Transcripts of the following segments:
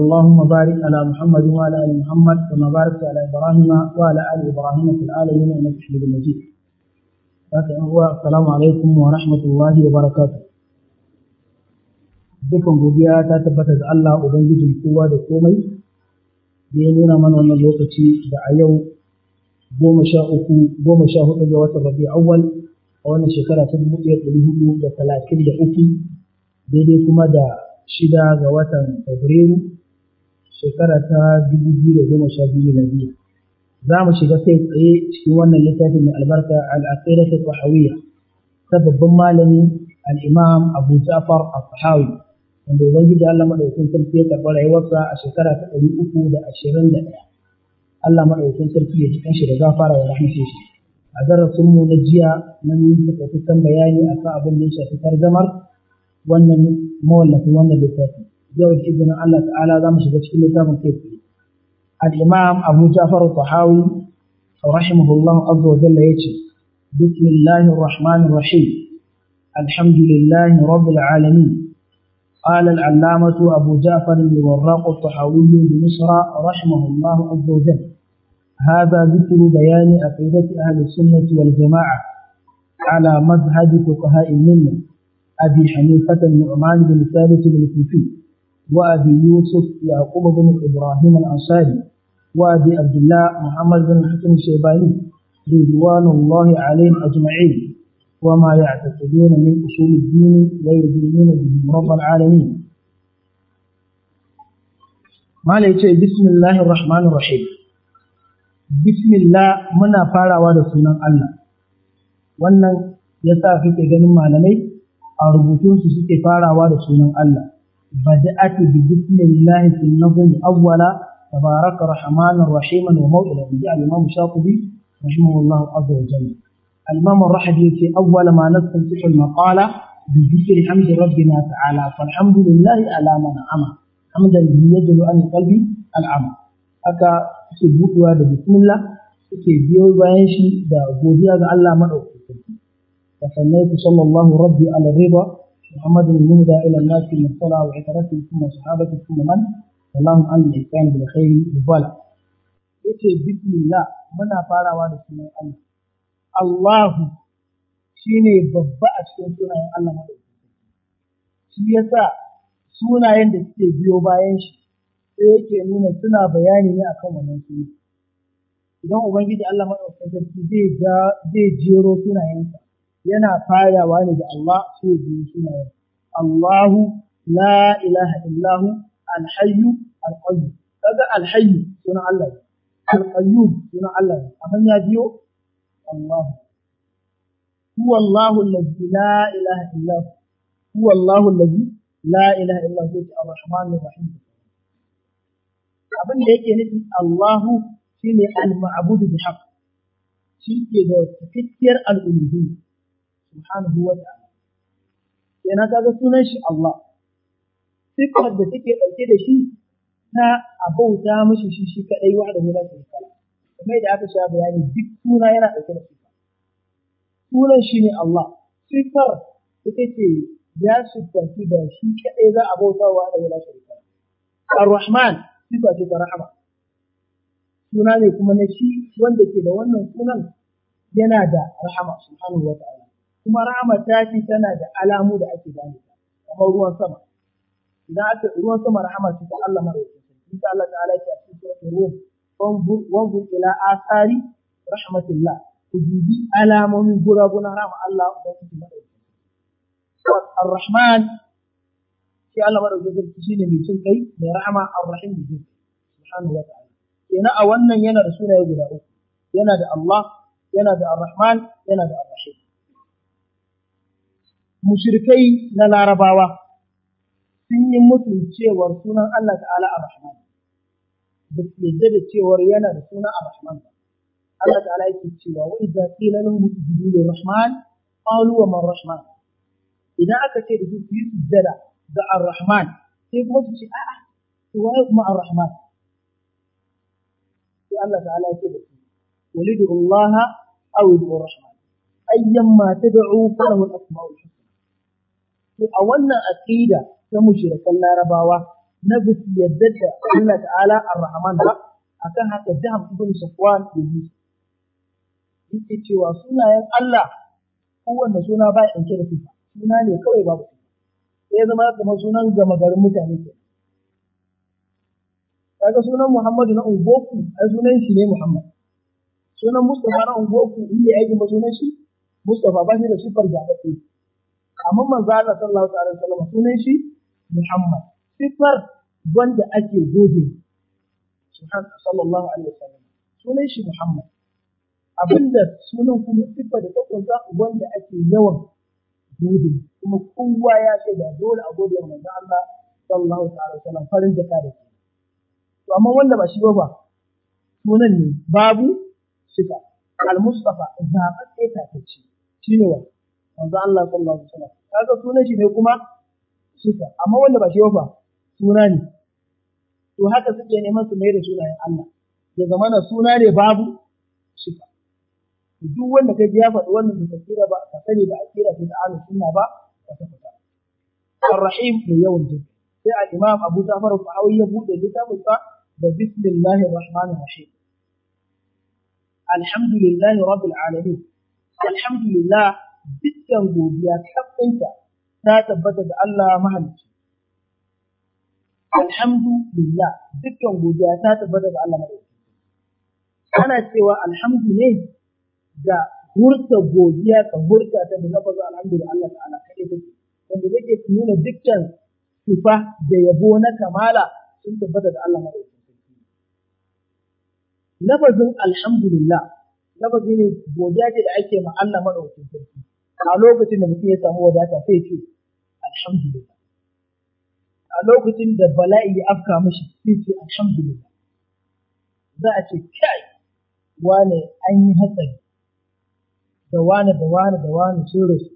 اللهم بارك على محمد وعلى ال محمد كما باركت على ابراهيم وعلى ال ابراهيم في العالمين انك حميد مجيد. السلام عليكم ورحمه الله وبركاته. Dukan godiya ta tabbata ga Allah Ubangijin kowa da komai, da ya nuna mana wannan lokaci da a yau goma sha uku goma sha hudu ga watan rabi awwal a wannan shekara ta dubu ɗaya ɗari hudu da talatin da uku daidai kuma da shida ga watan fabrairu shekara ta 2012 biyu za mu shiga kai tsaye cikin wannan littafi mai albarka al-aqida ta tahawiyya ta babban malami al-imam Abu Ja'far al-Tahawi wanda ubangiji Allah madaukakin sarki ya karɓi rayuwarsa a shekara ta ɗari uku da ashirin 321 Allah madaukakin sarki ya cikin shi da gafara ya rahmace shi a darasin mu na jiya mun yi takaitaccen bayani akan abin da ya shafi tarjamar wannan mawallafin wannan littafi جاءت إذن الله تعالى دامش بشكل لتام كيفي الإمام أبو جعفر الطحاوي رحمه الله عز وجل يجب بسم الله الرحمن الرحيم الحمد لله رب العالمين قال العلامة أبو جعفر الوراق الطحاوي بمصر رحمه الله عز وجل هذا ذكر بيان عقيدة أهل السنة والجماعة على مذهب فقهاء منه أبي حنيفة النعمان بن ثابت بن كفيل وأبي يوسف يعقوب بن إبراهيم الأنصاري وأبي عبد الله محمد بن حكم الشيباني رضوان الله عليهم أجمعين وما يعتقدون من أصول الدين ويدينون به رب العالمين ما ليتي بسم الله الرحمن الرحيم بسم الله منا فاراwa da sunan Allah wannan yasa kake ganin malamai a rubutunsu suke farawa da sunan Allah بدأت ببسم الله في النظم أولا تبارك رحمن رحيما وموئلا جاء الإمام الشاطبي رحمه الله عز وجل الإمام الرحبي في أول ما نستفتح المقالة بذكر حمد ربنا تعالى فالحمد لله على من أمى حمدا يجل عن القلب العمى أكا سبوتها بسم الله suke biyo bayan shi da godiya ga Allah maɗaukaki. Wa sallaitu sallallahu rabbi ala riba محمد المهدى إلى الناس من الصلاة وعترته ثم صحابته ثم من اللهم عن الإحسان بالخير والبلاء yace bismillah muna farawa da sunan Allah Allahu shine babba a cikin sunayen Allah madaukakin shi yasa sunayen da suke biyo bayan shi sai yake nuna suna bayani ne akan wannan suna idan ubangiji Allah madaukakin sarki zai jero sunayensa yana farawa ne da Allah sai biyu sunayen Allahu la ilaha illahu alhayyu alqayyum kaga alhayyu sunan Allah alqayyum sunan Allah amma ya biyo Allah huwa Allahu allazi la ilaha illahu huwa Allahu allazi la ilaha illahu yake arrahmanir rahim abin da yake nufi Allahu shine al-ma'budu bi haqq shi ke da al al'uluhiyya subhanahu wa ta'ala kenan kaga sunan shi Allah sifar da take dauke da shi ta abauta mishi shi shi kadai wa da hula shi kala kamar da aka sha bayani duk suna yana dauke da sifa sunan shi ne Allah sifar da take ya sifanci da shi kadai za a bauta wa da hula shi kala ar-rahman sifa ce ta rahama suna ne kuma na shi wanda ke da wannan sunan yana da rahama subhanahu wa ta'ala kuma rahama ta ce tana da alamu da ake gane ta kamar ruwan sama idan aka ruwan sama rahama ce ta Allah madaukakin sarki ta Allah ta'ala ce a cikin suratul rum wanzur ila asari rahmatillah ku dubi alamomin gurabuna rahama Allah ubangiji madaukakin ar-rahman shi Allah madaukakin sarki shine mai cin kai mai rahama ar-rahim bi subhanahu wa ta'ala kenan a wannan yana da sunaye guda uku yana da Allah yana da ar-rahman yana da mushrikai na larabawa sun yi mutum cewar sunan Allah ta'ala a rahman da su yadda da cewar yana da sunan a rahman ba Allah ta'ala yake cewa wa idza qila lahum isjudu lirrahman qalu wa man rahman idan aka ce da su yi sujjada ga ar-rahman sai kuma su ce a'a to waye kuma ar-rahman sai Allah ta'ala yake da su walidu Allah aw rahman ayyamma tad'u falahu al-asma'ul husna to a wannan aqida ta mushrikan larabawa na bisu yadda da Allah ta'ala ar-rahman ba akan haka jaham ibn safwan da yi yake cewa sunayen Allah kowanne suna ba in kira sifa suna ne kawai babu sai ya zama kamar sunan gama garin mutane ke kaga sunan Muhammadu na ungoku ai sunan shi ne Muhammad sunan Mustafa na ungoku inda yake ba sunan shi Mustafa ba shi da sifar jabaɗe amma manzo Allah sallallahu alaihi wasallam sunan shi Muhammad sifar wanda ake gode subhanahu sallallahu alaihi wasallam sunan shi Muhammad abinda sunan kuma sifar da ta kunsa wanda ake yawan gode kuma kowa ya ce da dole a gode wa manzo Allah sallallahu alaihi wasallam farin jaka da shi to amma wanda ba shi ba ba sunan ne babu sifa al-mustafa zaɓaɓɓe ta ce shi ne wani? manzo Allah sallallahu alaihi wasallam kaga sunan shi ne kuma sifa amma wanda ba shi ba suna ne to haka suke neman su mai da sunayen Allah ya zamana suna ne babu sifa duk wanda kaji ya faɗi wannan da kira ba ka sani ba a kira shi da ahlus sunna ba ka tabbata ar-rahim da yawan jin sai al-imam Abu Ja'far al-Bahawi ya bude littafin sa da bismillahir rahmanir rahim alhamdulillahi rabbil alamin alhamdulillah dukkan godiya kafinta ta tabbata da Allah mahalicci alhamdulillah dukkan godiya ta tabbata da Allah mahalicci ana cewa alhamdu ne da hurta godiya ka hurta ta da lafazin alhamdu da Allah ta'ala kai take wanda zai yake nuna dukkan sifa da yabo na kamala sun tabbata da Allah mahalicci lafazin alhamdulillah lafazi ne godiya ce da ake ma Allah madaukakin a lokacin da mutum ya samu wadata sai ce alhamdulillah a lokacin da bala'i ya afka mashi sai ce alhamdulillah za a ce kai wane an yi hatsari da wane da wane da wane sun rasu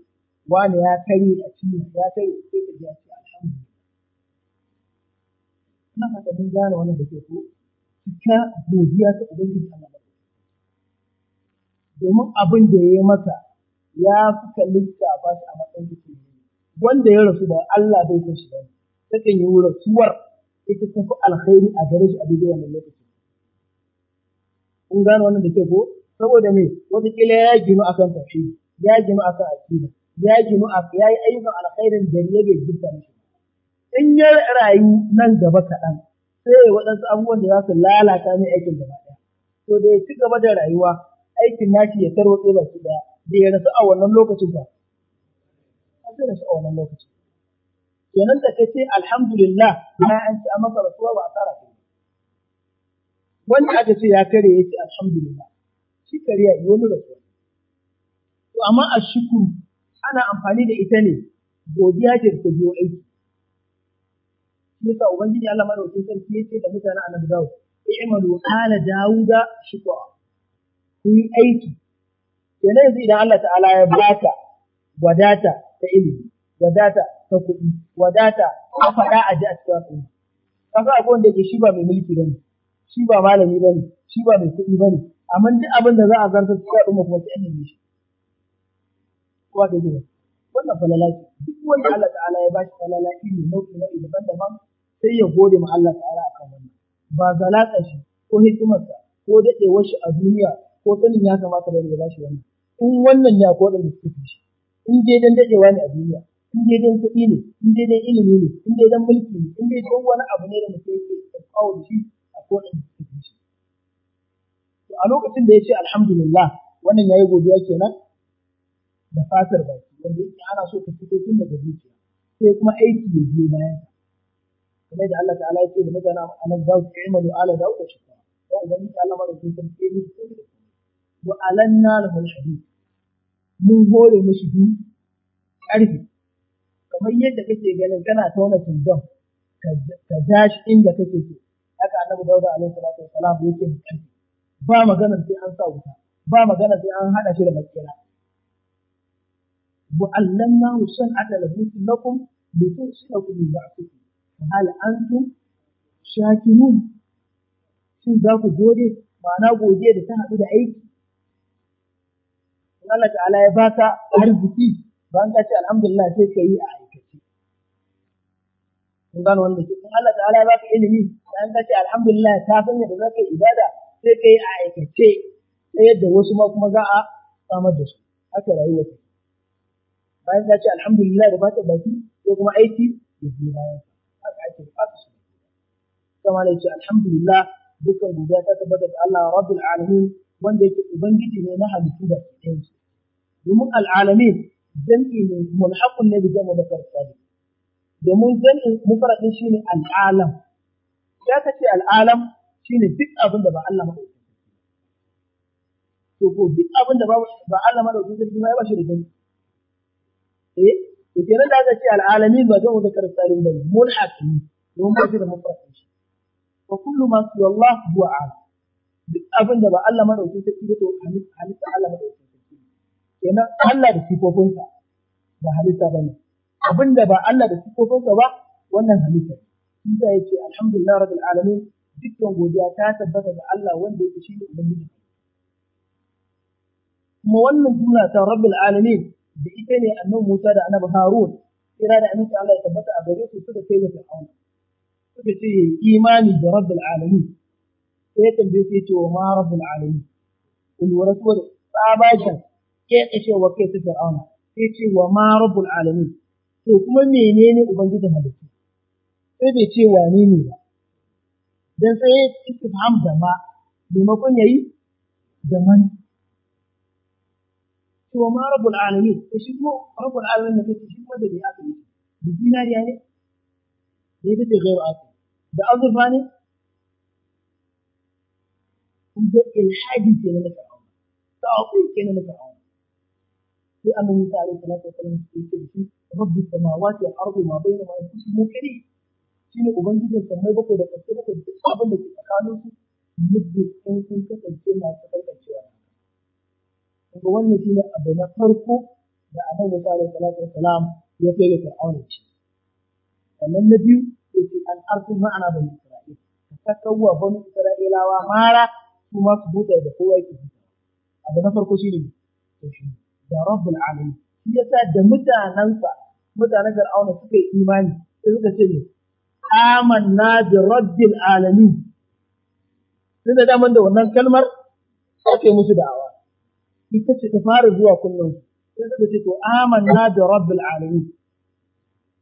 wane ya kare a cikin ya kare sai ka ji a ce alhamdulillah na haka mun gane wannan da ke ko cika godiya ta ubangiji Allah domin abin da ya yi masa. ya fi kalista ba shi a matsayin jikin wanda ya rasu ba Allah bai san shi ba ta kan yi rasuwar ita ta fi alkhairi a gare shi a daidai wannan lokaci kun gano wannan da ke ko saboda me kila ya ginu akan tafi ya ginu akan aqida ya ginu a ya yi ayyukan alkhairin da ya bai gifta mishi in ya rayu nan gaba kaɗan sai waɗansu abubuwan da za su lalata mai aikin gaba ɗaya to da ya ci gaba da rayuwa aikin nashi ya tarwatse baki ɗaya da rasu a wannan lokacin ba a zai rasu a wannan lokacin kenan da kace alhamdulillah na an ci a masa rasuwa ba a tsara ta wani aka ce ya kare ya ce alhamdulillah shi ya yi wani rasuwa to amma a shukuru ana amfani da ita ne godiya ce ta biyo aiki yasa ubangiji Allah madaukakin sarki yace da mutanen annabi dawo i'malu ala dauda shukwa ku yi aiki kenan yanzu idan Allah ta'ala ya baka wadata ta ilimi wadata ta kuɗi wadata ta faɗa a ji a cikin al'umma kaga akwai wanda yake shi ba mai mulki ba ne, shi ba malami ba ne, shi ba mai kuɗi ne amma duk abin da za a zanta cikin al'umma kuma sai an shi kowa da gida wannan falala ce duk wanda Allah ta'ala ya bashi falala iri nau'i nau'i daban-daban sai ya gode ma Allah ta'ala a kan wannan ba zalaka shi ko hikimarsa ko daɗewar shi a duniya ko sanin ya kamata bane ya bashi wannan in wannan ya ko da suke shi in dai dan dadewa ne a duniya in dai dan kuɗi ne in dai dan ilimi ne in dai dan mulki ne in dai dan wani abu ne da mutum yake tsawo da shi a ko da suke shi to a lokacin da yace alhamdulillah wannan yayi godiya kenan da fatar baki wanda yake ana so ka fito tun daga zuciya sai kuma aiki ya biyo bayan kuma da Allah ta'ala ya ce da mutane annabi Dawud i'malu ala Dawud shukra dan ubangiji Allah madaukakin sarki ne wa alanna lahu al mun hore mushi du ƙarfi kamar yadda kake ganin kana tauna tundan ka ja shi inda kake so haka annabi dauda alaihi salatu wasalam yake mutunci ba maganar sai an sa wuta ba maganar sai an hada shi da makera wa allanna husan adal hukum lakum bi tusnakum bi ba'tikum hal antum shakirun shin za ku gode ma'ana godiya da ta haɗu da aiki Allah ta'ala ya baka arziki bayan ka ce alhamdulillah sai ka yi a aikace kun gano wanda ke kun Allah ta'ala ya baka ilimi bayan ka ce alhamdulillah ta san yadda za ka yi ibada sai ka yi a aikace ta yadda wasu ma kuma za a samar da su haka rayuwa ta bayan ka ce alhamdulillah da baka baki sai kuma aiki da biyu bayan haka ake bukata su kama da ce alhamdulillah dukkan godiya ta tabbata da Allah rabbil alamin wanda yake ubangiji ne na halittu da ɗayansu domin al'alamin jam'i ne mulhaqun ne bi jam'i da farkali domin jam'i shi ne al'alam ya ka kace al'alam shine duk abin da ba Allah ba to ko duk abin da ba Allah ma dauki sarki ma ya bashi da gani eh to kenan da aka ce al'alamin ba zan zakar salim bane mulhaq ne don ba shi da mafarkin shi wa kullu ma su Allah huwa alam duk abin da ba Allah ma dauki sarki ba to halitta Allah ma dauki kenan Allah da sifofinsa ba halitta bane abinda ba Allah da sifofinsa ba wannan halitta Isa ya ce alhamdulillah rabbil alamin dukkan godiya ta tabbata ga Allah wanda yake shi ne ubangiji kuma wannan juna ta rabbil alamin da ita ne annabi Musa da annabi Harun kira da annabi Allah ya tabbata a gare su suka kai ga Fir'auna suka ce imani da rabbil alamin sai ya tambaye su ya ce wa ma rabbil alamin kul wa rasul tsabashin kekecewa kai ta fir'auna sai ce wa ma rabbul alamin to kuma menene ubangijin halittu sai bai ce wane ne ba dan sai istifham da ma maimakon yayi da man to wa ma rabbul alamin to shi kuma rabbul alamin ne shi kuma da bai aka yi da dinariya ne da ita ce gairu aka da azurfa ne kun ga ilhadi ke na fir'auna ta'awun ke na fir'auna sai annabi Musa alaihi salatu wasallam ya ce da shi rabbu samawati wal ardi ma bainahuma yusmu kari shine ubangijin sammai bakwai da ƙasai bakwai duk abin da ke tsakanin su muddin sun sun kasance masu karkacewa kuma wannan shine abu na farko da annabi Musa alaihi salatu wasallam ya kai ga Fir'auna ce sannan na biyu ya ce an arsin ma'ana bani Isra'il ka kawwa bani Isra'ilawa mara su ma su buɗe da kowa yake abu na farko shine to shi da rabbul alamin shi yasa da mutanansa mutanen fir'auna suka yi imani sai suka ce ne amanna bi rabbil alamin tunda daman da wannan kalmar ake musu da'awa ita ce ta fara zuwa kullum sai suka ce to amanna bi rabbil alamin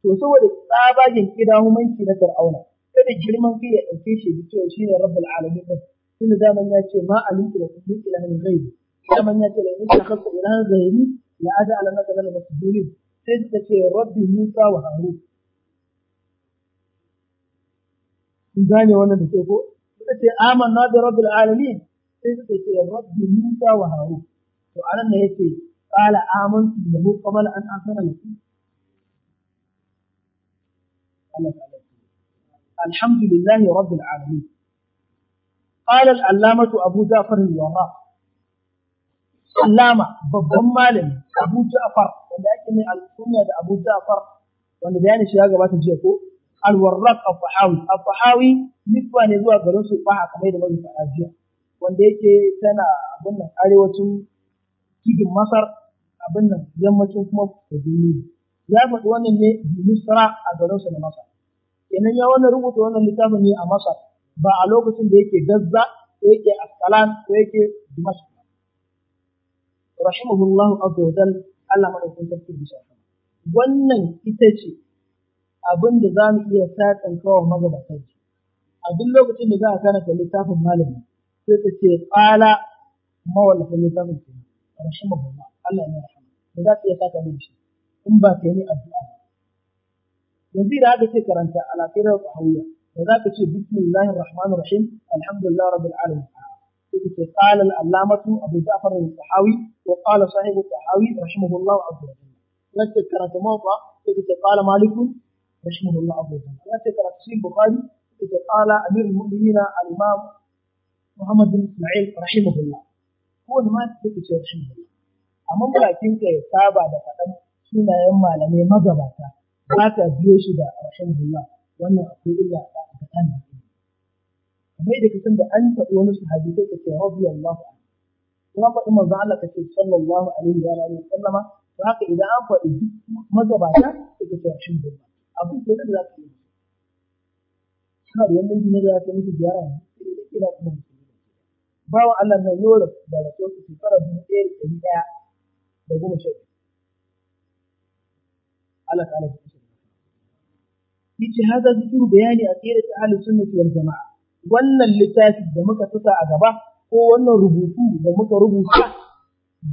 to saboda tsabagen kidahumanci na fir'auna kada girman kai ya dauke shi da cewa shine rabbul alamin din tunda daman ya ce ma alimtu da kullu ilahin ghaibi kaman ya ce la in takhassa ilahan ya la aj'ala laka min al-masjidin sai ta ce rabbi musa wa harun kun gane wannan da ke ko suka ce amanna bi rabbil alamin sai suka ce rabbi musa wa harun to anan ne yace qala amantu lahu qabla an asara lakum Allah ta'ala الحمد لله رب العالمين قال العلامة أبو جعفر الوراق allama babban malami abu ja'far wanda ake mai alkunya da abu ja'far wanda bayanin shi ya gabata jiya ko Alwarrak al-fahawi al-fahawi ne zuwa garin su faha kamar da mazuka ajiya wanda yake tana abin nan arewacin cikin masar abin nan yammacin kuma kogin ya faɗi wannan ne bi a garin su na masar kenan ya wannan rubuta wannan littafin ne a masar ba a lokacin da yake gazza ko yake askalan ko yake dimashq rahimahullahu azza wa Allah madaukakin sarki bi shafa wannan ita ce abin da za mu iya sakan kawo magabatan shi a duk lokacin da za a karanta littafin malami sai ta ce qala mawallafin littafin shi rahimahullah Allah ya rahama da za ta iya shi in ba ta yi addu'a ba yanzu idan aka ce karanta alaqirar da za ka ce bismillahir rahmanir rahim alhamdulillah rabbil alamin yake qala al abu ja'far al-tahawi wa qala sahibu tahawi rahimahullahu azza wa jalla yake karatu mawqa yake qala malik rahimahullahu azza wa jalla yake karatu sahih bukhari yake qala amir al-mu'minin al-imam muhammad bin isma'il rahimahullah ko ma yake ce rahimahullah amma bakin ka ya saba da fadan sunayen malamai magabata ba ta biyo shi da rahimahullah wannan akwai illa a tsakanin mai da kasan da an taɓa wani sahabi sai ka ce radiyallahu anhu kuma faɗi manzo Allah ka ce sallallahu alaihi wa alihi sallama to haka idan an faɗi duk magabata sai ka ce alhamdulillah abin ke nan za ka yi suna da wannan gine da za ka musu ziyara ne sai da kira kuma bawa Allah na yau da rasuwar su shekara dubu ɗaya da ɗari ɗaya da goma sha biyu Allah ta'ala ya ce hada zikiru bayani a tsere ta ahlus sunnati wal jama'a wannan littafi da muka saka a gaba ko wannan rubutu da muka rubuta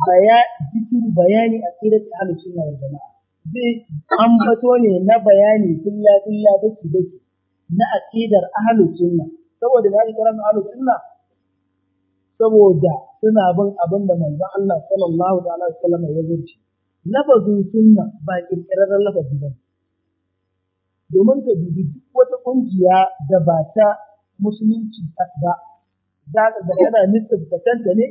baya cikin bayani a tsirar ahlus sunna wal jama'a zai ambato ne na bayani filla filla dake dake na aqidar ahlus sunna saboda na ake kiran ahlus sunna saboda suna bin abin da manzon Allah sallallahu ta'ala alaihi wasallam ya zurci lafazin sunna ba ƙirƙirar lafazi ba domin ka dubi duk wata kungiya da ba ta musulunci ba za ka ga yana nisbanta kanta ne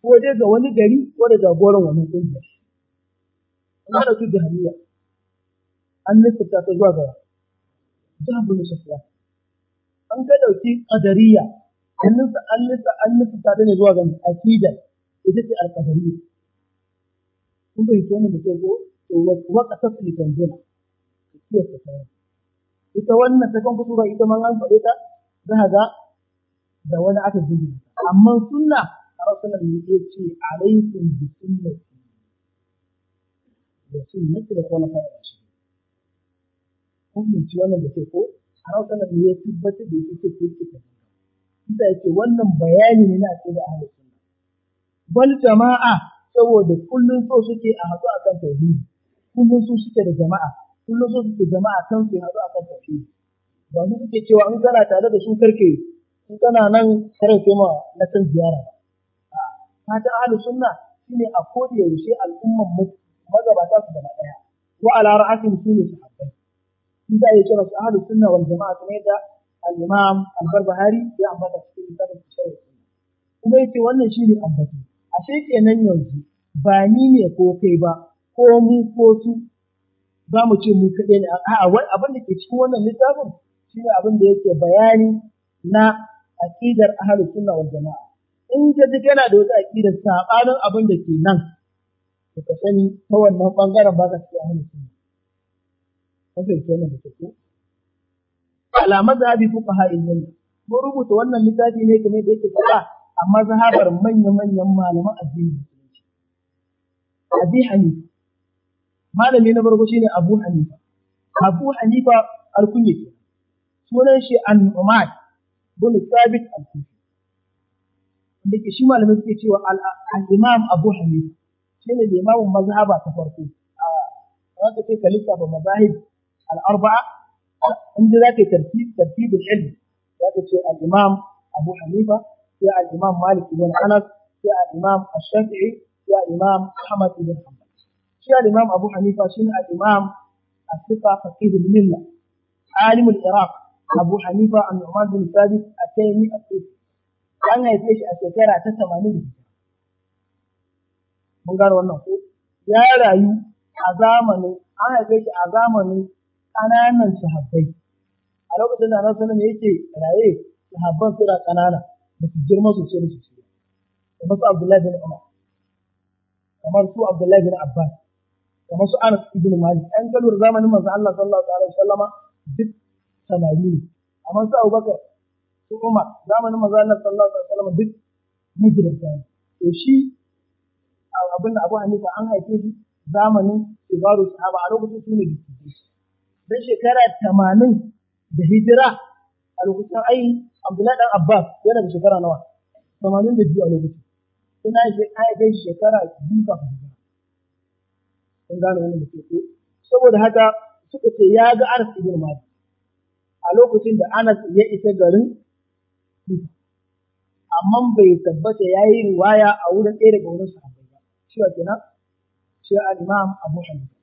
ko dai ga wani gari ko da jagoran wani ƙungiyar. Ina da su jahiliya. An nisbanta ta zuwa ga jihar Shafiya. An ka ɗauki ƙadariya. An nisa an nisa an nisbanta ta ne zuwa ga akidar ita ce alƙadariya. Kun bai ce wannan da ke zo wa ƙasar su ne tanzuna. Ita wannan ta kan kusura ita man an faɗe ta za ga da wani aka jingina amma sunna a rasulun ne ya ce alaikum bi sunnati da sunnati da kuma fara shi kun fahimci wannan da ke ko a rasulun ne ya tabbatar da yake ko yake ita yake wannan bayani ne na da ahlus sunna bal jama'a saboda kullun so suke a hadu kan tauhidi kullun so suke da jama'a kullun so suke jama'a kan su hadu kan tauhidi ba su suke cewa in kana tare da su karke in kana nan karke ma na san ziyara ba fatan ahlu sunna shine a koda yaushe al'umman magabata su gaba daya wa ala ra'atin sunni sahabbai idza ya kira su ahlu sunna wani jama'a kuma da al-imam al-barbahari ya ambata cikin kitabun sharh kuma ya ce wannan shine A ashe kenan yanzu ba ni ne ko kai ba ko mu ko su ba mu ce mu kaɗai ne a'a abin da ke cikin wannan littafin shine abin da yake bayani na aqidar ahlus sunna wal jamaa in ka ji kana da wata aqidar sabanin abin da ke nan to ka sani ta wannan bangaren ba ka cikin ahlus sunna sai kenan da kake ala mazhabi fuqaha ilmi jannah mun rubuta wannan littafi ne kamar da yake faɗa a mazhabar manya-manyan malaman addini abi hanifa malami na farko shine abu hanifa abu hanifa alkunya sunan shi annu'man bin sabit al-kufi inda ke shi malamin suke cewa al-imam abu hanifa ne limamin mazhaba ta farko a wanda ke kalista ba mazahib al-arba'a inda za ka tartib tartibul ilm za ce al-imam abu hanifa sai al-imam malik ibn anas sai al-imam ash-shafi'i sai al-imam ahmad ibn hanbal shi al-imam abu hanifa shi ne al-imam asifa sifa faqih al-milla alim al-iraq abu hanifa an nu'man bin sabit a taimi a tsofi an haife shi a shekara ta tamanin da mun gano wannan ko ya rayu a zamanin an haife shi a zamanin ƙananan sahabbai a lokacin da annabi sallallahu alaihi yake raye sahabban suna ƙanana ba su girma sosai da sosai kamar su abdullahi bin umar kamar su abdullahi bin abbas kamar su anas ibn malik an kalwar zamanin manzo Allah sallallahu alaihi wasallama duk samari amma su abubakar su umar zamanin maza Allah sallallahu alaihi wasallam duk magidanta ne to shi abin da Abu Hanifa an haife shi zamanin shigaru sahaba a lokacin su ne dan shekara tamanin da hijira a lokacin ai Abdullahi dan Abbas yana da shekara nawa tamanin da biyu a lokacin suna shi haife shekara biyu kafin hijira kun gane wannan mutum saboda haka suka ce ya ga Anas girma ne a lokacin da Anas ya isa garin amma bai tabbata ya yi riwaya a wurin ɗaya daga wurin sahabbai ba shi wa kenan shi al-imam Abu Hanifa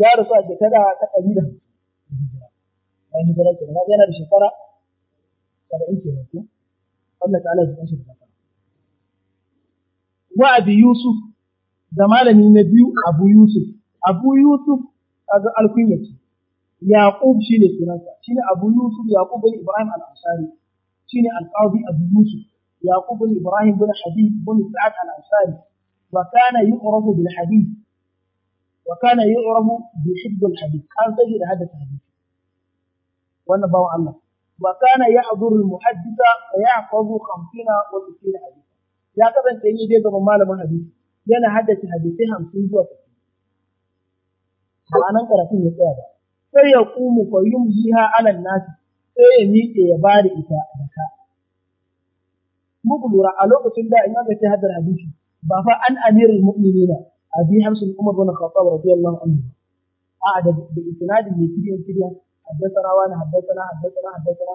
ya rasu a shekara ta ɗari da bayan hijira kenan kaga yana da shekara saba'in kenan ko Allah ta'ala ya shi da wa Abi Yusuf da malami na biyu Abu Yusuf Abu Yusuf kaga alkunya ce yaqub shine sunansa shine abu yusuf yaqub bin ibrahim al-ansari abu yusuf bin ibrahim bin habib bin sa'ad al-ansari wa kana yu'rafu bil Habib, wa kana an sai da haddasa Habib. wannan bawan Allah wa kana yahduru al muhaddisa wa ya'qabu kamfina wa 60 Habib. ya kasance ni dai gaban malamin Habib. yana haddace hadisai hamsin zuwa 60 ba nan karatun ya tsaya ba sai ya kumu fa yumhiha ala nasi sai ya miƙe ya bada ita da ka muku lura a lokacin da in aka ce haddar hadisi ba fa an amirul mu'minina abi hamsin umar bin khattab radiyallahu anhu a da da isnadin ne kidan kidan haddathana wani haddathana haddathana haddathana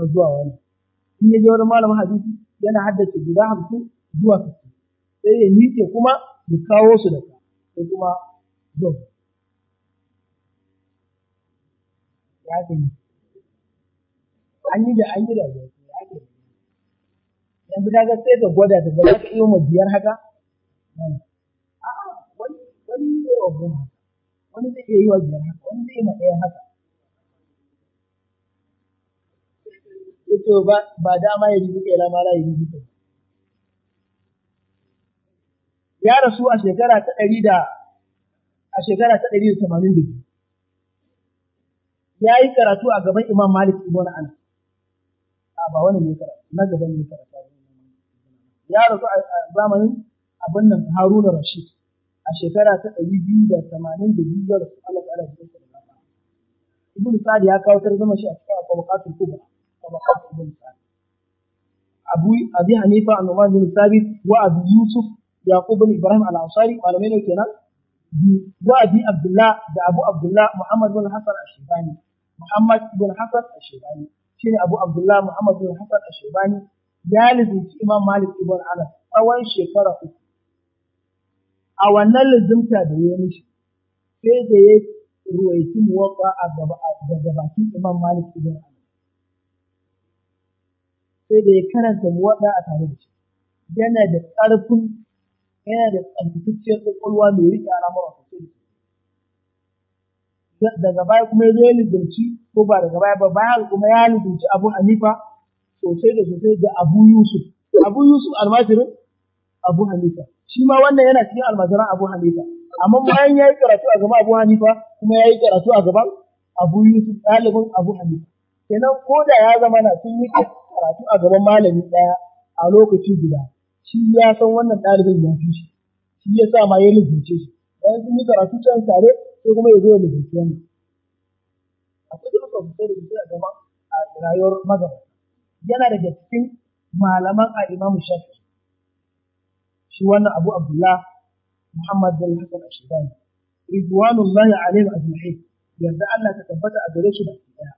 har zuwa wani in ya je wani malamin hadisi yana haddace guda hamsin zuwa sittin sai ya miƙe kuma ya kawo su da ka sai kuma zuwa kafin an yi da an yi da yanzu ta ga sai ka gwada ta za ka iya ma haka a'a wani yi zai wa goma wani zai iya yi wa biyar haka wani zai yi ma ɗaya haka yace ba ba dama ya rubuta ila mala ya rubuta ya rasu a shekara ta ɗari da a shekara ta ɗari da tamanin da biyu ya yi karatu a gaban Imam Malik ibn Anas a ba wani ne karatu na gaban ne karatu ya rasu a zamanin abin nan Haruna Rashid a shekara ta ɗari biyu da tamanin da biyu ya rasu Allah ta'ala ya rasu da Ibn Sa'd ya kawo zama shi a cikin Tabaqatul Kubra Tabaqatul Ibn Sa'd Abu Abi Hanifa An-Numan bin Thabit wa Abu Yusuf Yaqub bin Ibrahim Al-Ansari malamai ne kenan wa Abi Abdullah da Abu Abdullah Muhammad bin Hassan Ash-Shibani Muhammad bin Hassan al-Shaybani shine Abu Abdullah Muhammad bin Hassan al-Shaybani ya lizinci Imam Malik ibn Anas tsawon shekara uku a wannan lizinta da ya mishi sai da ya ruwaiti muwatta a gaba daga bakin Imam Malik ibn Anas sai da ya karanta muwatta a tare da shi yana da ƙarfin yana da tsantacciyar kwakwalwa mai riƙe al'amuran sosai daga baya kuma ya zo ya lizarci ko ba daga baya ba bayan kuma ya lizarci abu hanifa sosai da sosai da abu yusuf abu yusuf almajirin abu hanifa shi ma wannan yana cikin almajiran abu hanifa amma bayan ya yi karatu a gaban abu hanifa kuma ya yi karatu a gaban abu yusuf ɗalibin abu hanifa kenan ko da ya zama na sun yi karatu a gaban malami ɗaya a lokaci guda shi ya san wannan ɗalibin ya fi shi shi ya sa ma ya lizarce shi bayan sun yi karatu can tare sai kuma ya zo ya lalace mu akwai da muka fitar da fitar gaba a rayuwar magana yana daga cikin malaman a imamu shafi shi wannan abu abdullah muhammad bin hasan ashibani ridwanullahi alaihim ajma'in yanda Allah ta tabbata a gare shi da daya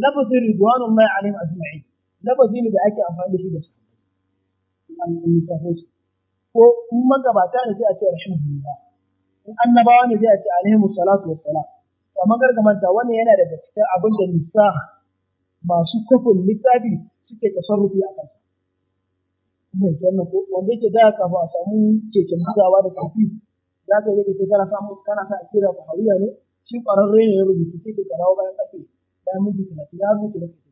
lafazin ridwanullahi alaihim ajma'in lafazi ne da ake amfani da shi da su an yi ko in magabata ne sai a ce rashin duniya in annabawa ne zai a ce alaihimu salatu wassalam amma kar ka manta wannan yana daga cikin abin da nisa masu kofin littafi suke tasarrufi a kan mai wannan ko wanda yake da kafa a samu keken bugawa da tafi za ka yi kake kana samu kana sa kira ba hawiya ne shi kwararre ne rubutu sai ka karawo bayan kafe bayan minti 30 ya rubuta da kake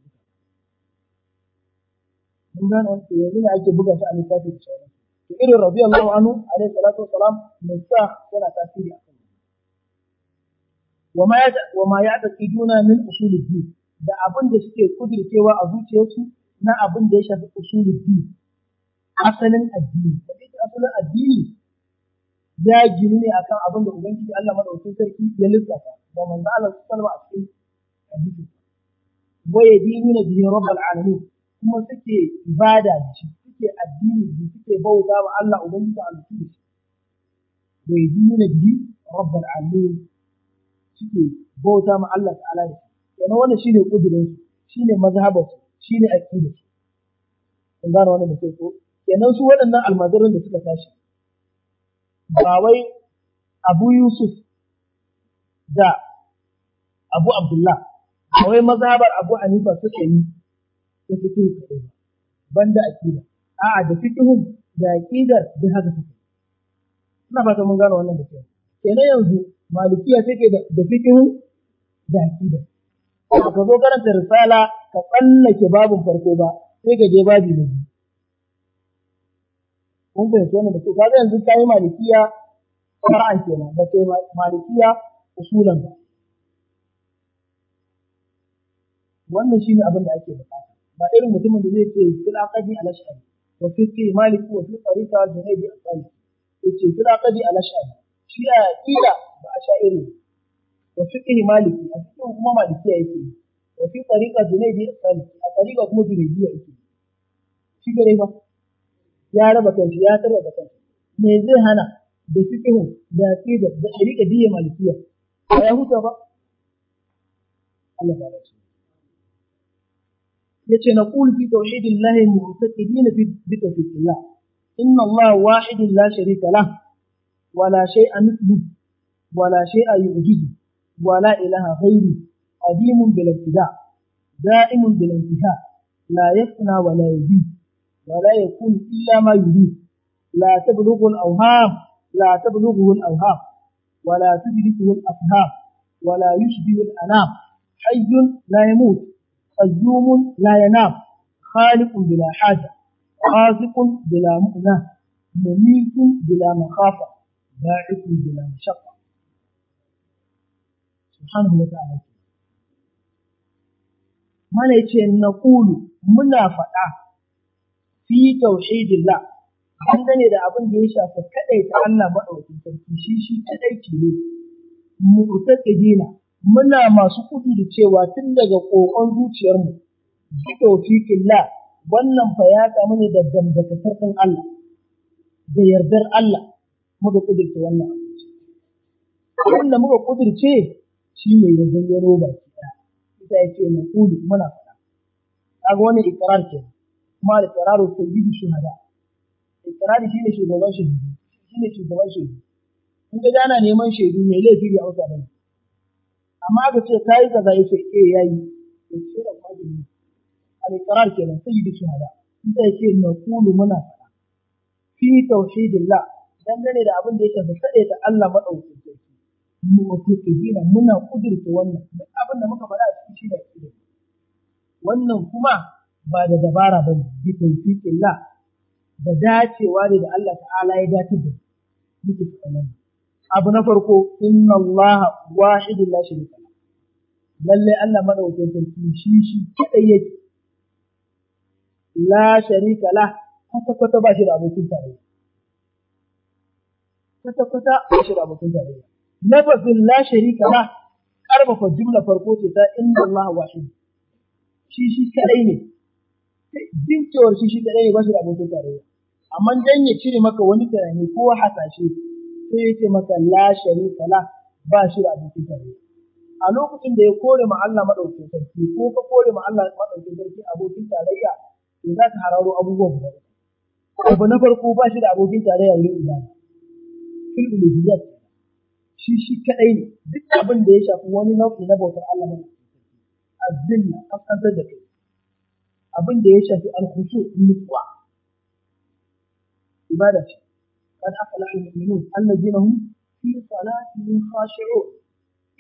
mun gano yanzu ne ake buga su a littafi da sauransu irin radiyallahu anu, alaihi salatu wassalam musa tana tasiri akan wa ma wa ma ya'taqiduna min usuluddin da abin da suke kudircewa a zuciyarsu na abin da ya shafi usuluddin asalin addini da asalin addini ya gini ne akan abin da ubangiji Allah madaukakin sarki ya lissafa da manzo Allah sallallahu alaihi wasallam a cikin hadisi wa yadinuna bihi rabbil alamin kuma suke ibada da shi suke addini da suke bauta wa Allah ubangiji a da shi bai dini na biyu rabbal alamin suke bauta ma Allah ta'ala da shi yana wannan shine kudurin su shine mazhabar su shine aqidar su kun gane wannan da ke so kenan su waɗannan almajiran da suka tashi ba wai Abu Yusuf da Abu Abdullah ba wai mazhabar Abu Hanifa suka yi ta cikin kaɗai ba banda aqida a'a da fitihun da aqidar da haka suke ina fata mun gano wannan da kyau kenan yanzu malikiya take da fitihun da aqidar ba ka zo karanta risala ka tsallake babin farko ba sai ka je babi na biyu kun fahimci wannan da kyau kaga yanzu ta yi malikiya fara'an kenan ba kai malikiya usulan ba wannan shine abin da ake bukata ba irin mutumin da zai ce fil a al ash'ari وفي مالك وفي طريقة جنيد الثالث yace kira kadi al ashari shi a kila ba a sha'iri wa fiqh maliki a cikin kuma malikiya yake wa fi tariqa junaidi al a tariqa kuma junaidi yake shi gare ya raba kanshi da kanshi me zai hana da fiqh da da ba ya huta ba yace na qul fi tauhidillahi mu'taqidin بتوحيد الله إن الله واحد لا شريك له ولا شيء مثله ولا شيء يعجزه ولا إله غيره قديم ابتداء دائم بالانتهاء لا يفنى ولا يزيد ولا يكون إلا ما يريد لا تبلغ الأوهام لا تبلغه الأوهام ولا تدركه الأفهام ولا يشبه الأنام حي لا يموت قيوم لا ينام خالق بلا حاجة Mamikin بلا مؤنة مميت بلا مخافة باعث بلا مشقة سبحانه وتعالى ce na ƙulu muna faɗa fi tauhidillah dangane da abin da ya shafa kaɗai ta Allah maɗaukin sarki shi shi kaɗai ce ne mu'taqidina muna masu kudu da cewa tun daga kokon zuciyarmu bi tawfiqillah wannan fa ya samu ne da gamdakatar farkon Allah da yardar Allah muka kudurce wannan abinci. Wanda muka kudurce shine ya ba baki ɗaya ita mai maqulu muna faɗa ga wani ikirar kenan kuma ikraru sayyidi shuhada shi shine shugaban shi shine shugaban shahidi Kun ga jana neman shaidu mai laifi bai da bane amma ka ce yi kaza yace eh, ya yi. to sai da wajibi al-iqrar kenan sai da shahada in sai ce na kulu muna fi tauhidillah dangane da abin da yake da sade da Allah madaukakin sarki mu mutakidina muna kudurta wannan duk abin da muka faɗa a cikin shi da wannan kuma ba da dabara ba ne bi tauhidillah da dacewa ne da Allah ta'ala ya dace da muke faɗa abu na farko inna Allah wahidun la sharika lalle Allah madaukakin sarki shi shi kadai yake la sharika la kwata kwata ba shi da abokin tarayya kwata kwata ba shi da abokin tarayya lafazin la sharika la karfafa jumla farko ce ta inna Allah wahid shi shi kadai ne din cewar shi shi kadai ne ba shi da abokin tarayya amma dan ya cire maka wani tunani ko hasashe sai yake masa la sharika la ba shi da abokin tare a lokacin da ya kore ma Allah madaukakin sarki ko ka kore ma Allah madaukakin sarki abokin tarayya to za ka hararo abubuwan da abu na farko ba shi da abokin tarayya wurin ibada fil uluhiyyat shi shi kadai ne duk abin da ya shafi wani nau'i na bautar Allah madaukakin sarki azzilla kaskantar da kai abin da ya shafi alkhushu nutsuwa ibada ce قد أفلح المؤمنون الذين هم في صلاتهم خاشعون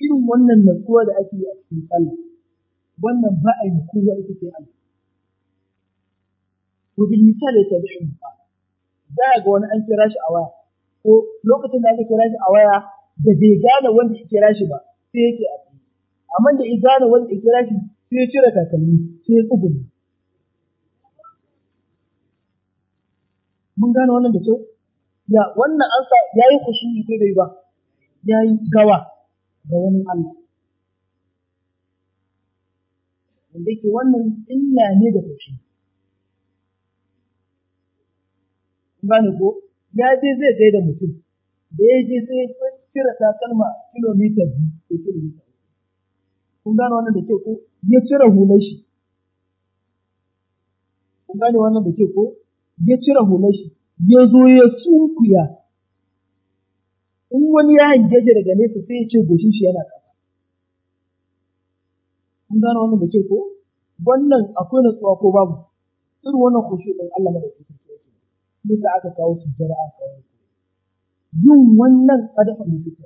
irin wannan natsuwa da ake yi a cikin sallah wannan ba a yi kowa ita ce Allah to bil misali ta bi ba za ga wani an kira shi a waya ko lokacin da aka kira shi a waya da bai gane wanda ya kira shi ba sai yake a tsaye amma da ya gane wanda ya kira shi sai ya cire takalmi sai ya tsuguna mun gane wannan da kyau ya wannan an sa yi khushu'i ko bai ba yi gawa ga wani Allah wanda ke wannan illa ne da khushu'i gane ko ya je zai kai da mutum da ya je sai cire takalma kilomita biyu ko kilomita kun gane wannan da ke ko ya cire hular shi kun gane wannan da ke ko ya cire hular shi ya zo ya sunkuya in wani ya hangeje shi daga nesa sai ya ce goshin shi yana kasa, kun gano wannan da ke ko wannan akwai natsuwa ko babu irin wannan kushe din Allah mai da ne yasa aka kawo su a kawo yin wannan sadafa ne take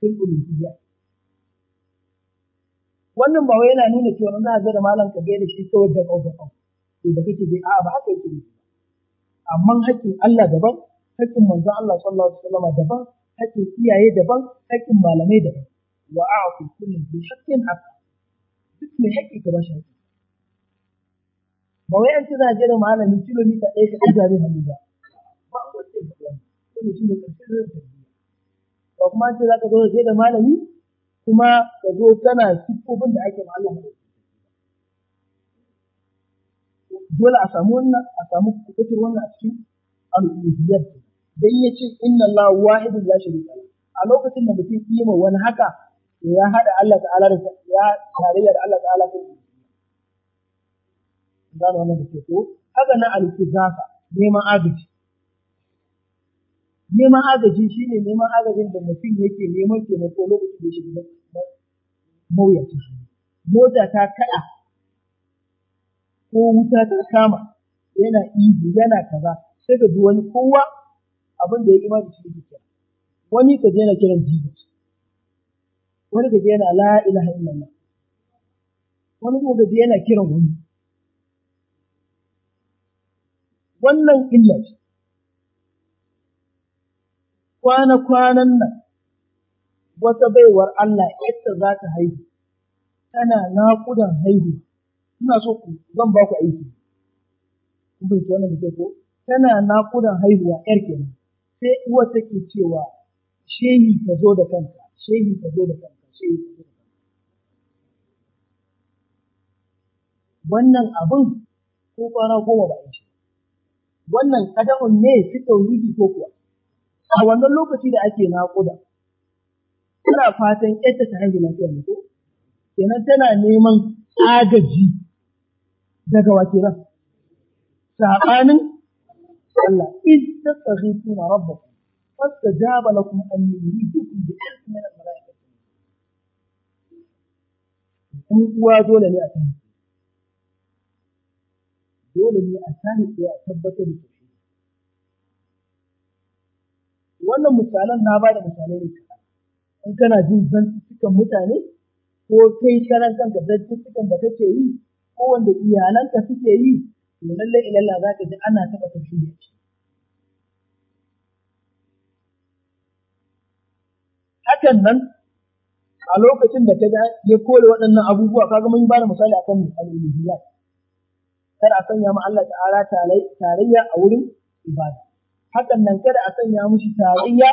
sai uluhiyya wannan ba wai yana nuna cewa za a ga da malam ka da shi kawai da kawai da kawai da kake dai a'a ba haka yake amma haƙƙin Allah daban haƙƙin manzon Allah sallallahu alaihi wasallam daban haƙƙin iyaye daban haƙƙin malamai daban wa a'ti kullu bi haqqin haqq duk mai haƙƙi ka bashi haƙƙi ba wai an ce za a je da malami kilomita ɗaya ka ɗaga zai hannu ba ba a wace ba wani shi ne ƙarshen zai tarbiyya ba kuma an ce za ka zo da malami kuma ka zo kana siffofin da ake ma dole a samu wannan a samu kubutar wannan a cikin al'ummiyar dan ya ce inna Allah wahidun la sharika a lokacin da mutum yi ma wani haka ya hada Allah ta'ala da ya tarayya da Allah ta'ala ko gano wannan da ke ko haka na al-kizafa neman agaji neman agaji shi ne neman agajin da mutum yake neman taimako lokacin da ya shiga mawuyacin shi mota ta kada ko wuta ta kama yana ihu yana kaza sai ka ji wani kowa abin da ya yi imani shi yake kira wani ka je yana kiran Jesus wani ka je yana la ilaha illallah wani kuma ka je yana kiran wani wannan illa ce kwana-kwanan nan wata baiwar Allah yadda za ta haihu tana naƙudan haihu ina so ku zan ba ku aiki kun bai wannan da ko tana nakudan haihuwa yar kenan sai uwa take cewa shehi ka zo da kanka shehi ka zo da kanka shehi ka zo da kanka wannan abin ko kwana goma ba shi wannan kadamun ne fi tauhidi ko kuwa a wannan lokaci da ake nakuda tana fatan yadda ta haihu lafiya ne ko kenan tana neman agaji daga wa kenan sabanin Allah in tastaghithuna rabbakum yi lakum anni yuridukum bi alfin min da malaikati in uwa dole ne a kan dole ne a kan ya tabbatar da shi wannan misalan na ba da misalai ne in kana jin zantuttukan mutane ko kai karan kanka zantuttukan da kake yi ko wanda iyalanka suke yi to lalle ilalla za ka ji ana taɓa tafsiri a hakan nan a lokacin da ka ga ya kore waɗannan abubuwa kaga mun ba da misali akan mai al'uluhiyya kar a sanya ma Allah ta'ala tarayya a wurin ibada hakan nan kada a sanya mushi tarayya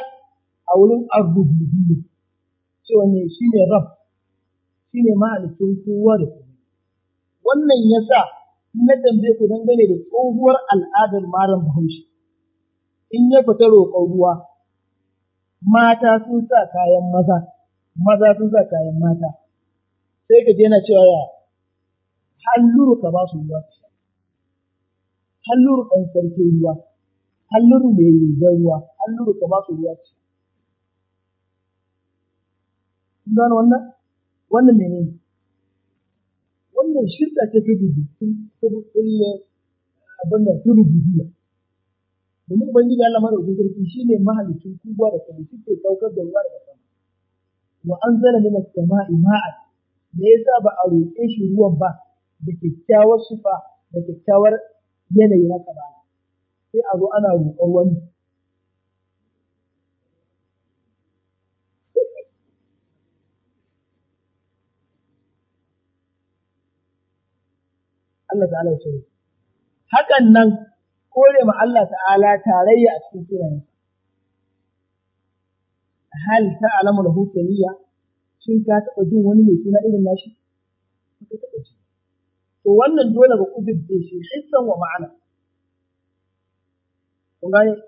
a wurin ar-rububiyya cewa ne shine shi ne mahalicin kowa da kowa wannan ya sa na tambaye ku dangane da tsohuwar al'adar malam bahaushe in ya fita roƙon ruwa mata sun sa kayan maza maza sun sa kayan mata sai ka jena cewa ya halluru ka ba su ruwa halluru ɗan sarki ruwa halluru mai rigar ruwa halluru ka ba su ruwa ce. Kun gano wannan? Wannan menene? wannan shirka ce ta rububiya abin da ta rububiya domin ubangiji Allah madaukakin sarki shine mahalicin kuwa da kuma ke saukar da ruwa daga sama wa anzala min as-sama'i ma'an me yasa ba a roƙe shi ruwan ba da kyakkyawar sifa da kyakkyawar yanayi na ba sai a zo ana roƙon wani Allah ta'ala ya hakan nan kore ma Allah ta'ala tarayya a cikin sunayen hal ta'lamu da hutaniya shin ka taɓa jin wani mai suna irin nashi ka taɓa ji to wannan dole ga kudurce shi hissan wa ma'ana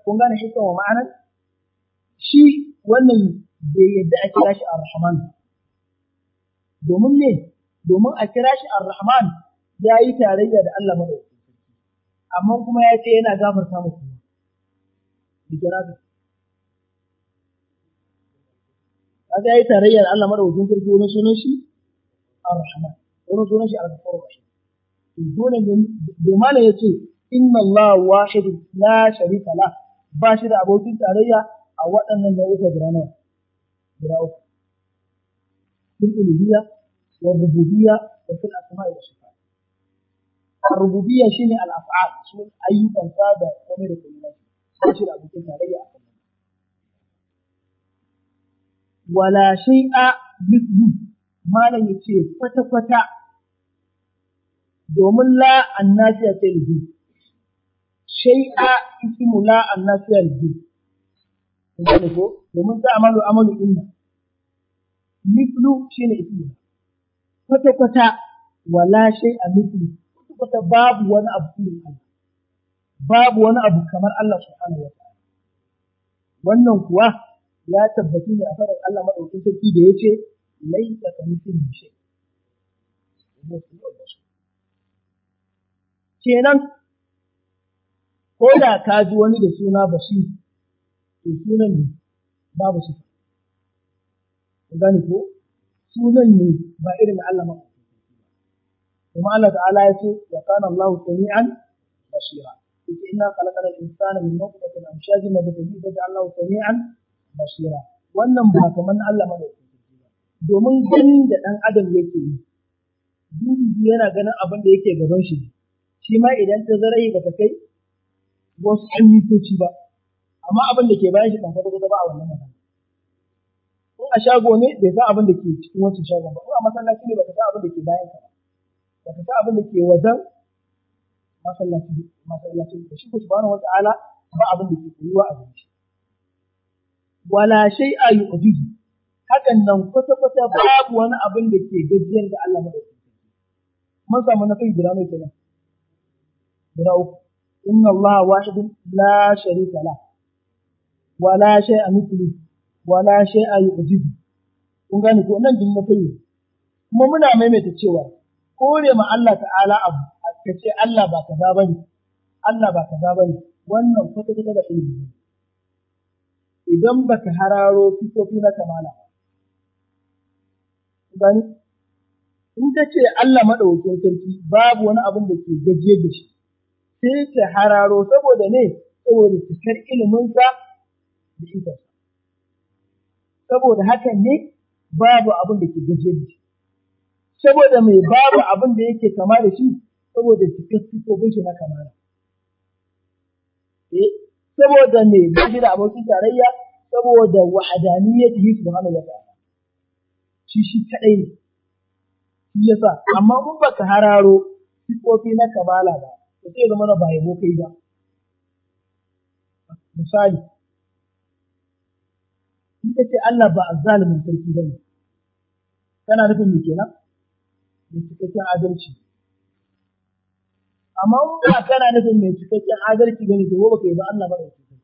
kun gane hissan wa ma'ana shi wannan bai yadda a kira shi ar-rahman domin ne domin a kira shi ar-rahman ya yi tarayya da Allah madaukakin amma kuma ya ce yana gafarta mu kuma bigina da kaga ya yi tarayya da Allah madaukakin sarki wani sunan shi ar-rahman wani sunan shi al-ghafur rahim to dole ne bai mana yace inna Allah wahid la sharika la ba shi da abokin tarayya a waɗannan nau'uka guda nawa guda uku fil uluhiyya wa rububiyya wa fil asma'i da shi. ar-rububiyya shine al-af'al shi ayyukan sa da komai da komai ba shi da abokin tarayya a kan wala shay'a mithlu malam ce kwata kwata domin la annasiya ta lidu shay'a ismu la annasiya lidu kuma ko domin ta amalu amalu inna shi ne ismu kwata kwata wala shay'a mithlu kwata babu wani abu irin Allah babu wani abu kamar Allah subhanahu wa ta'ala wannan kuwa ya tabbaci ne a faɗin Allah madaukakin sarki da yace laisa kamithlihi shay kenan ko da ka ji wani da suna basir to sunan ne babu sifa gane ko sunan ne ba irin Allah ba kuma Allah ta'ala ya ce wa kana Allahu sami'an basira yake inna khalaqal insana min nutfatin amshajin nabtali fa Allahu sami'an basira wannan ba kaman Allah mai ba domin ganin da dan adam yake yi dudu yana ganin abin da yake gaban shi shi ma idan ta zarai ba ta kai wasu an mitoci ba amma abin da ke bayan shi ɗanfa kwata ba a wannan magana in a shago ne bai san abin da ke cikin wancan shagon ba in a masallaci ne ba ka san abin da ke bayan ka ba ba ka san abin da ke wajen masallacin da shi subhanahu wa ta'ala ba abin da ke koyuwa a gare shi wala a yu'jizu hakan nan kwata kwata babu wani abin da ke gajiyar da Allah madaukakin mun samu na kai guda mai kenan guda uku inna Allah wahidun la sharika la wala shay'a mithlihi wala A yu'jizu kun gane ko nan din na kai kuma muna maimaita cewa kore ma Allah ta'ala abu ka ce Allah ba kaza ne, Allah ba kaza ne. wannan kwata kwata ba ilimi idan baka hararo fitofi na kamala gani in ta ce Allah madaukakin sarki babu wani abin da ke gaje da shi sai ka hararo saboda ne saboda cikar iliminsa da ikonsa saboda haka ne babu abin da ke gaje da shi saboda mai babu abin da yake kama da shi saboda cikin sifofin shi na shi. Eh, saboda mai bashi da abokin tarayya saboda wahdaniyyatihi subhanahu wa ba. shi shi kaɗai ne shi sa, amma in baka hararo sifofi na kamala ba ba sai zama na bayan kai ba misali in ka ce Allah ba zalimin sarki ne. kana nufin me kenan mai cikakken adalci amma in ba kana nufin mai cikakken adalci bane to ba yi ba Allah ba da cikakken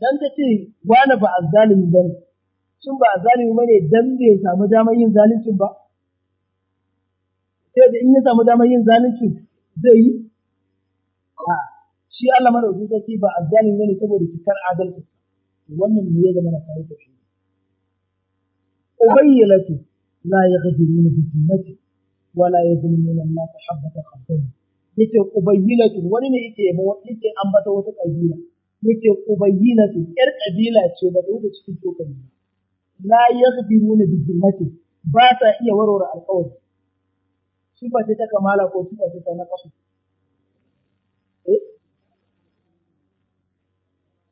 dan ta ce wani ba a ba ne, shin ba a ba ne dan bai samu damar yin zaluncin ba sai da in ya samu damar yin zaluncin zai yi a shi Allah madaukakin sarki ba azzalimi bane saboda cikar adalci wannan ne ya zama na kare ta shi ubayyalatu la yaghdiruna bi qimmati wala yadhlimuna Allah habbata khardal yace ubayyinatu wani ne yake yabo yake ambata wata kabila yace ubayyinatu yar kabila ce ba da cikin tokani ba la yaghdiruna bi qimmati ba ta iya warware alƙawari sifa ce ta kamala ko sifa ce ta naqasu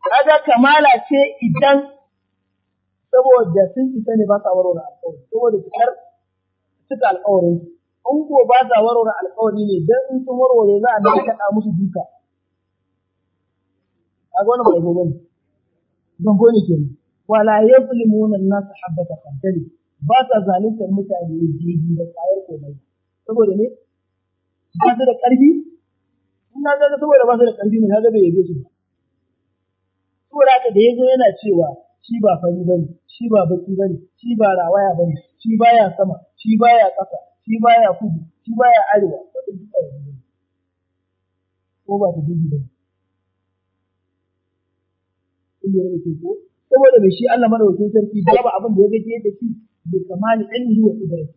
kaga kamala ce idan saboda sun isa ne ba sa warware alƙawari saboda cikar cika alƙawarin in ko ba sa warware alƙawari ne dan in sun warware za a da kaɗa musu duka kaga wannan ba gobe ne zango ne kenan wala yuzlimuna na nasa habata qadari ba sa zaluntar mutane jeji da tsayar komai saboda ne ba su da ƙarfi na ga saboda ba su da ƙarfi ne kaga bai yabe su ba saboda haka da ya zo yana cewa shi ba fari bane shi ba baki bane shi ba rawaya bane shi baya sama shi baya kasa shi baya kudu shi baya arewa wadda duka ya arewa. ko ba ta dubi bane kun yi da ko saboda mai shi Allah madaukakin sarki babu abin da ya gaje da shi da kamali ilmi wa kudrati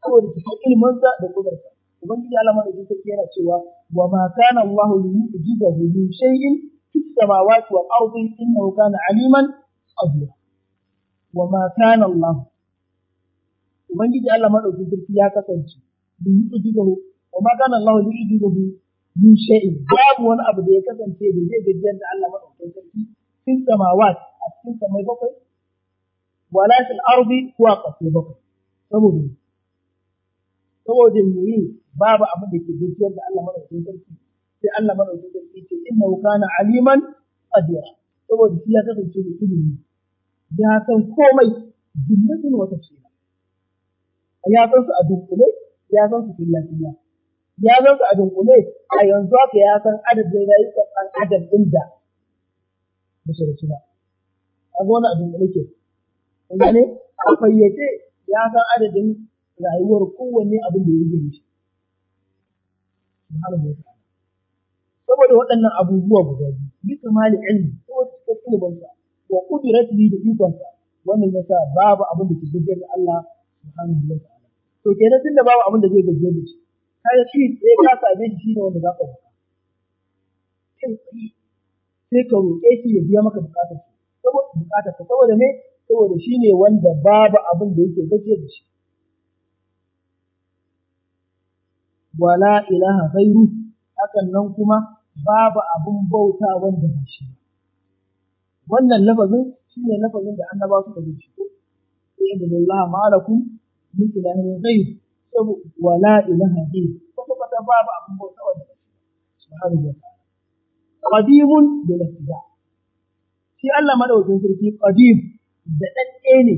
saboda cikin ilmin sa da kudrata ubangiji Allah madaukakin sarki yana cewa wa ma kana Allahu yu'jizuhu min shay'in fis samawati wal ardi innahu kana aliman abuwa wa ma kana Allah ubangiji Allah madaukin sarki ya kasance bi yujibuhu wa ma kana Allah bi yujibuhu min shay'in babu wani abu da ya kasance da zai gajiyar da Allah madaukin sarki cikin samawat a cikin samai bakwai wala fil ardi ko a bakwai saboda saboda yi babu abu da ke gajiyar da Allah madaukin sarki sai Allah madaukin sarki ce innahu kana aliman qadira saboda shi ya kasance da ilimi ya san komai jimmatin wata ce ya san su a dunkule ya san su filla filla ya san su a dunkule a yanzu haka ya san adadin rayukan ɗan adam ɗin da ba su rasu ba a zo a dunkule ke gane a fayyace ya san adadin rayuwar kowanne abin da ya rige mishi saboda waɗannan abubuwa guda biyu bi kamali ilmi ko wata cikakken ilimin sa wa qudratihi da ikon sa wannan yasa babu abin da ke gajiyar da Allah subhanahu wa ta'ala to kenan tunda babu abin da zai gajiyar da shi kaga shi sai ka same shi shine wanda za ka roƙa kai tsaye sai ka roƙe shi ya biya maka bukatar ka saboda bukatar ka saboda me saboda ne wanda babu abin da yake gajiyar da shi wala ilaha ghairu hakan nan kuma babu abin bauta wanda ba shi ba wannan lafazin shi ne lafazin da annaba da zuci ko sai da Allah ma'alakum da ilahin zai sabu wala ilaha ghayr kwata kwata ba abin bauta wanda ba shi subhanahu wa ta'ala qadimun da ibtida shi Allah madaukakin sarki qadim da dadde ne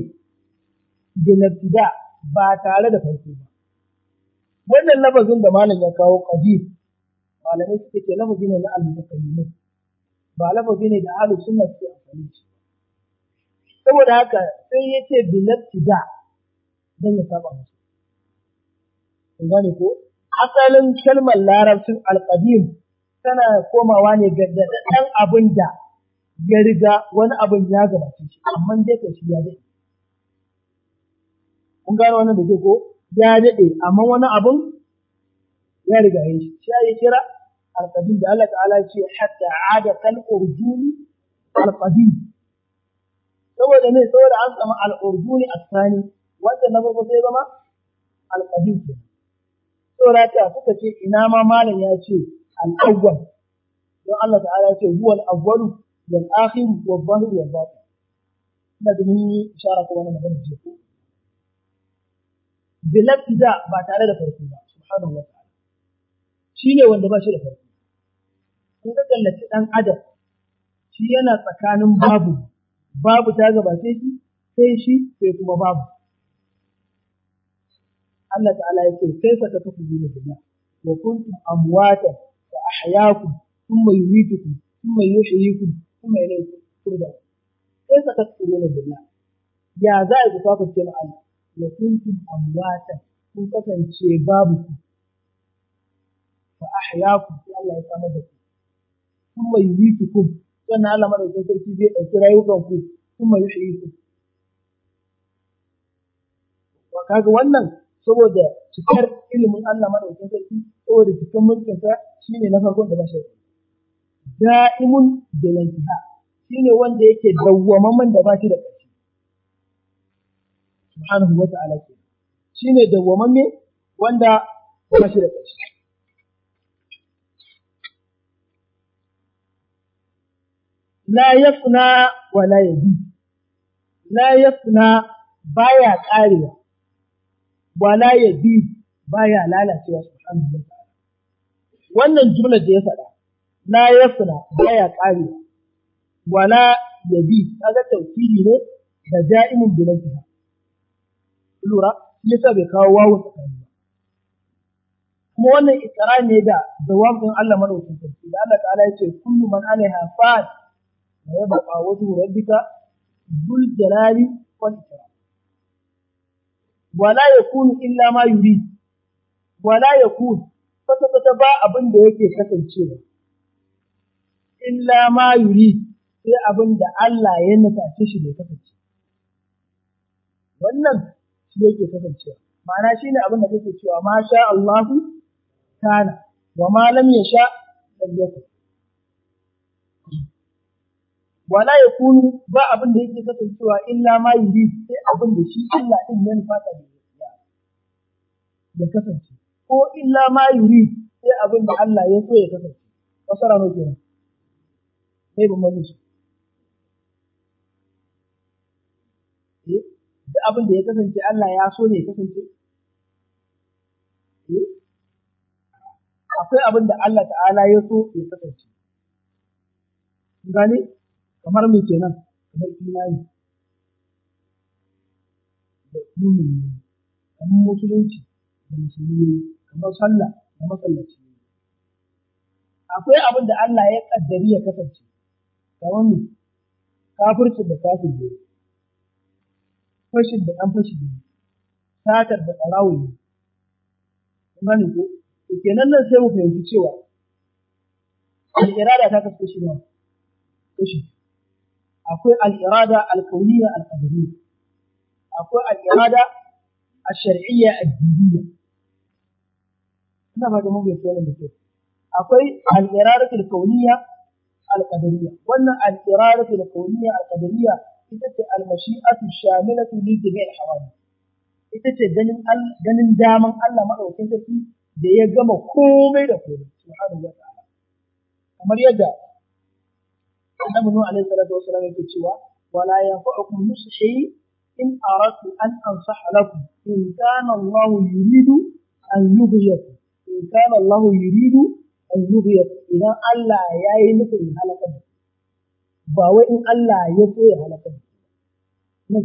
da ibtida ba tare da farko ba wannan lafazin da malam ya kawo qadim malamai suke ce lafazi ne na al-mutakallimin ba lafazi ne da ahlus sunna suke amfani shi saboda haka sai ya ce bilabtida dan ya saba musu kun gane ko asalin kalmar larabcin alqadim tana komawa ne ga dadan abin da ya riga wani abin ya gabace shi amma dai kai shi ya dade kun gane wannan da ke ko ya dade amma wani abin ya riga shi shi ya yi kira alqadim da Allah ta'ala ce hatta ada kal urjuni alqadim saboda ne saboda an samu al urjuni asani wanda na farko sai zama alqadim ke saboda ta suka ce ina ma malam ya ce al awwal don Allah ta'ala ya ce huwa al awwalu wal akhir wal zahir wal batin ina da mun ishara ko wannan magana ce ko bilabtida ba tare da farko ba subhanahu wa ta'ala shine wanda ba shi da farko in ka kallaci ɗan adam shi yana tsakanin babu babu ta gabace shi sai shi sai kuma babu Allah ta'ala ya ce sai fa ta tafi da dunya wa kuntum amwata wa ahyaakum thumma yumeetukum thumma yuhyikum thumma ilayhi turja'un kai sai ta tafi da dunya ya za a kusa ku ce ma Allah wa kuntum amwata kun kasance babu ku wa ahyaakum sai Allah ya samu da ku kuma yi yuhyikum sannan Allah madaukakin sarki zai dauki rayuwar ku kuma yi ku? wa kaga wannan saboda cikar ilimin Allah madaukakin sarki saboda cikar mulkin sa shine na farkon da ba shi da'imun da shi shine wanda yake dawwamaman da ba shi da ƙarshe subhanahu wa ta'ala ke ne dawwamamme wanda ba shi da ƙarshe la yafna wa la yabi la yafna baya karewa wa la yabi baya lalacewa subhanahu wa ta'ala wannan jumla da ya faɗa la yafna baya karewa wa la yabi kaga tawkili ne da da'imun bilantiha lura yasa bai kawo wawu tsakani ba kuma wannan ikra ne da jawabin Allah madaukakin sarki da Allah ta'ala yace kullu man alaiha fa'al ويبقى وجه ربك ذو الجلال والإكرام ولا يكون إلا ما يريد ولا يكون kwata-kwata ba abin da yake kasancewa illa ma yuri sai abin da Allah ya nufaci shi bai kasance wannan shi yake kasancewa ma'ana shine abin da kake cewa ma sha Allahu kana wa malam ya sha lam yakun wala ya kunu ba abin da yake kasancewa illa ma yuri sai abin da shi Allah din ya nufa da ya ya kasance ko illa ma yuri sai abin da Allah ya so ya kasance wasara no kenan sai ban mun shi eh abin da ya kasance Allah ya so ne ya kasance eh akwai abin da Allah ta'ala ya so ya kasance gani kamar ke nan, kamar imani da mu'mini kamar musulunci da musulmi kamar sallah da matsalaci akwai abin da Allah ya kaddari ya kasance kamar me kafirci da kafin ne fashin da ɗan fashi ne satar da ɓarawun ne kun gane ko ke nan nan sai mu fahimci cewa Al-irada ta kasu shi nawa kashi akwai al'irada alkauniya alƙadariya akwai al'irada a shari'iyya addiniya ina da ke akwai al'irada wannan al'irada alkauniya alƙadariya ita ce almashi'atu shamilatu li jami'il hawadith ita ce ganin daman Allah maɗaukin sarki da ya gama komai da komai subhanahu wa ta'ala kamar yadda annabi nuhu alaihi salatu wasallam yake cewa wala yanfa'ukum nusuhi in aradtu an ansaha lakum in kana Allah yuridu an yughyikum in kana Allah yuridu an yughyikum idan Allah yayi nufin halaka ba wai in Allah ya so ya halaka nan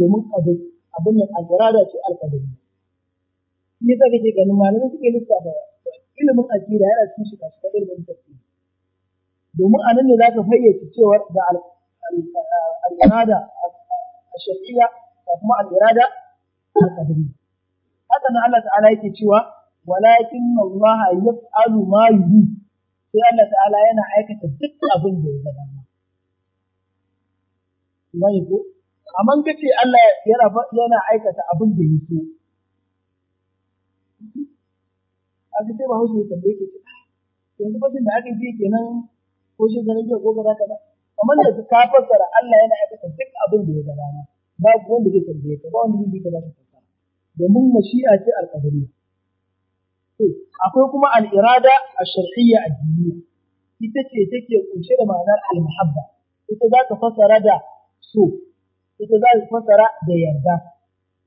domin abin abin nan al ce kake ganin suke lissafa ilimin yana cikin shi kashi da ilimin tafsiri domin a nan ne za ka fayyace cewar da al'irada a shafiya da kuma al'irada a kadari haka nan Allah ta'ala yake cewa walakin Allah ya yaf'alu ma yuri sai Allah ta'ala yana aikata duk abin da ya gada ma wani ko amma kace Allah yana aikata abin da ya so a ga sai ba hausa ya tambaye ke yanzu fasin da aka yi kenan ko shi ganin jiya ko kaza kaza kamar da ka fassara Allah yana aikata duk abin da ya ga rana babu wanda zai tambaye ka ba wanda zai ka zaka fassara domin mashi'a ce alqadariyya akwai kuma al-irada ash-shar'iyya ad-diniyya ita ce take kunshe da ma'anar al-muhabba ita za ka fassara da so ita za ka fassara da yarda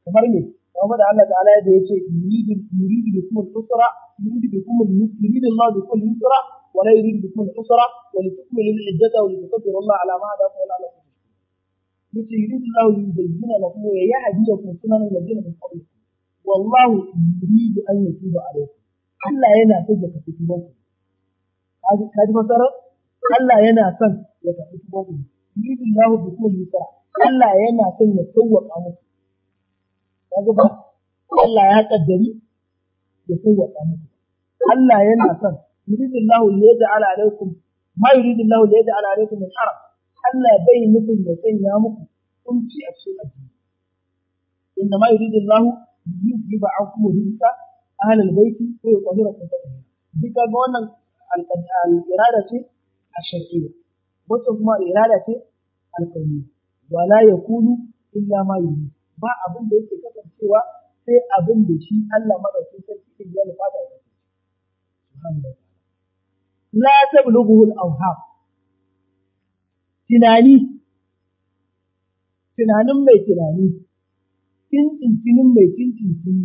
kamar me kamar da Allah ta'ala ya ce, yuridu yuridu bikum al-usra yuridu bikum al-yusra yuridu Allah bikum al-yusra ولا يريد بكل حسرة ولتكمل لعجته ولتكبر الله على ما هذا فهو الله لكم لكي يريد الله ليبين لكم ويهديكم سنن الذين من قبلكم والله يريد أن يتوب عليكم ألا ينا سجك في تبوكم هذه مسارة ألا ينا سن في تبوكم يريد الله بكل حسرة ألا ينا سن يتوب عليكم هذا الله ya kaddari da kowa kamata Allah yana san yuridullahu liyaj'ala alaykum ma yuridullahu liyaj'ala alaykum min haram Allah bai nufin ya sanya muku kunci a cikin addini inna ma yuridullahu liyuhibba ankum rijsa ahli albayti wa yutahhirakum tatahira duka ga wannan al-irada ce ash-shar'iyya wacce kuma irada ce al-kauniyya wala yakunu illa ma yurid ba abin da yake kasancewa sai abin da shi Allah madaukakin sarki ya nufa la tablughu al-awham tunani tunanin mai tunani cincinin mai cincin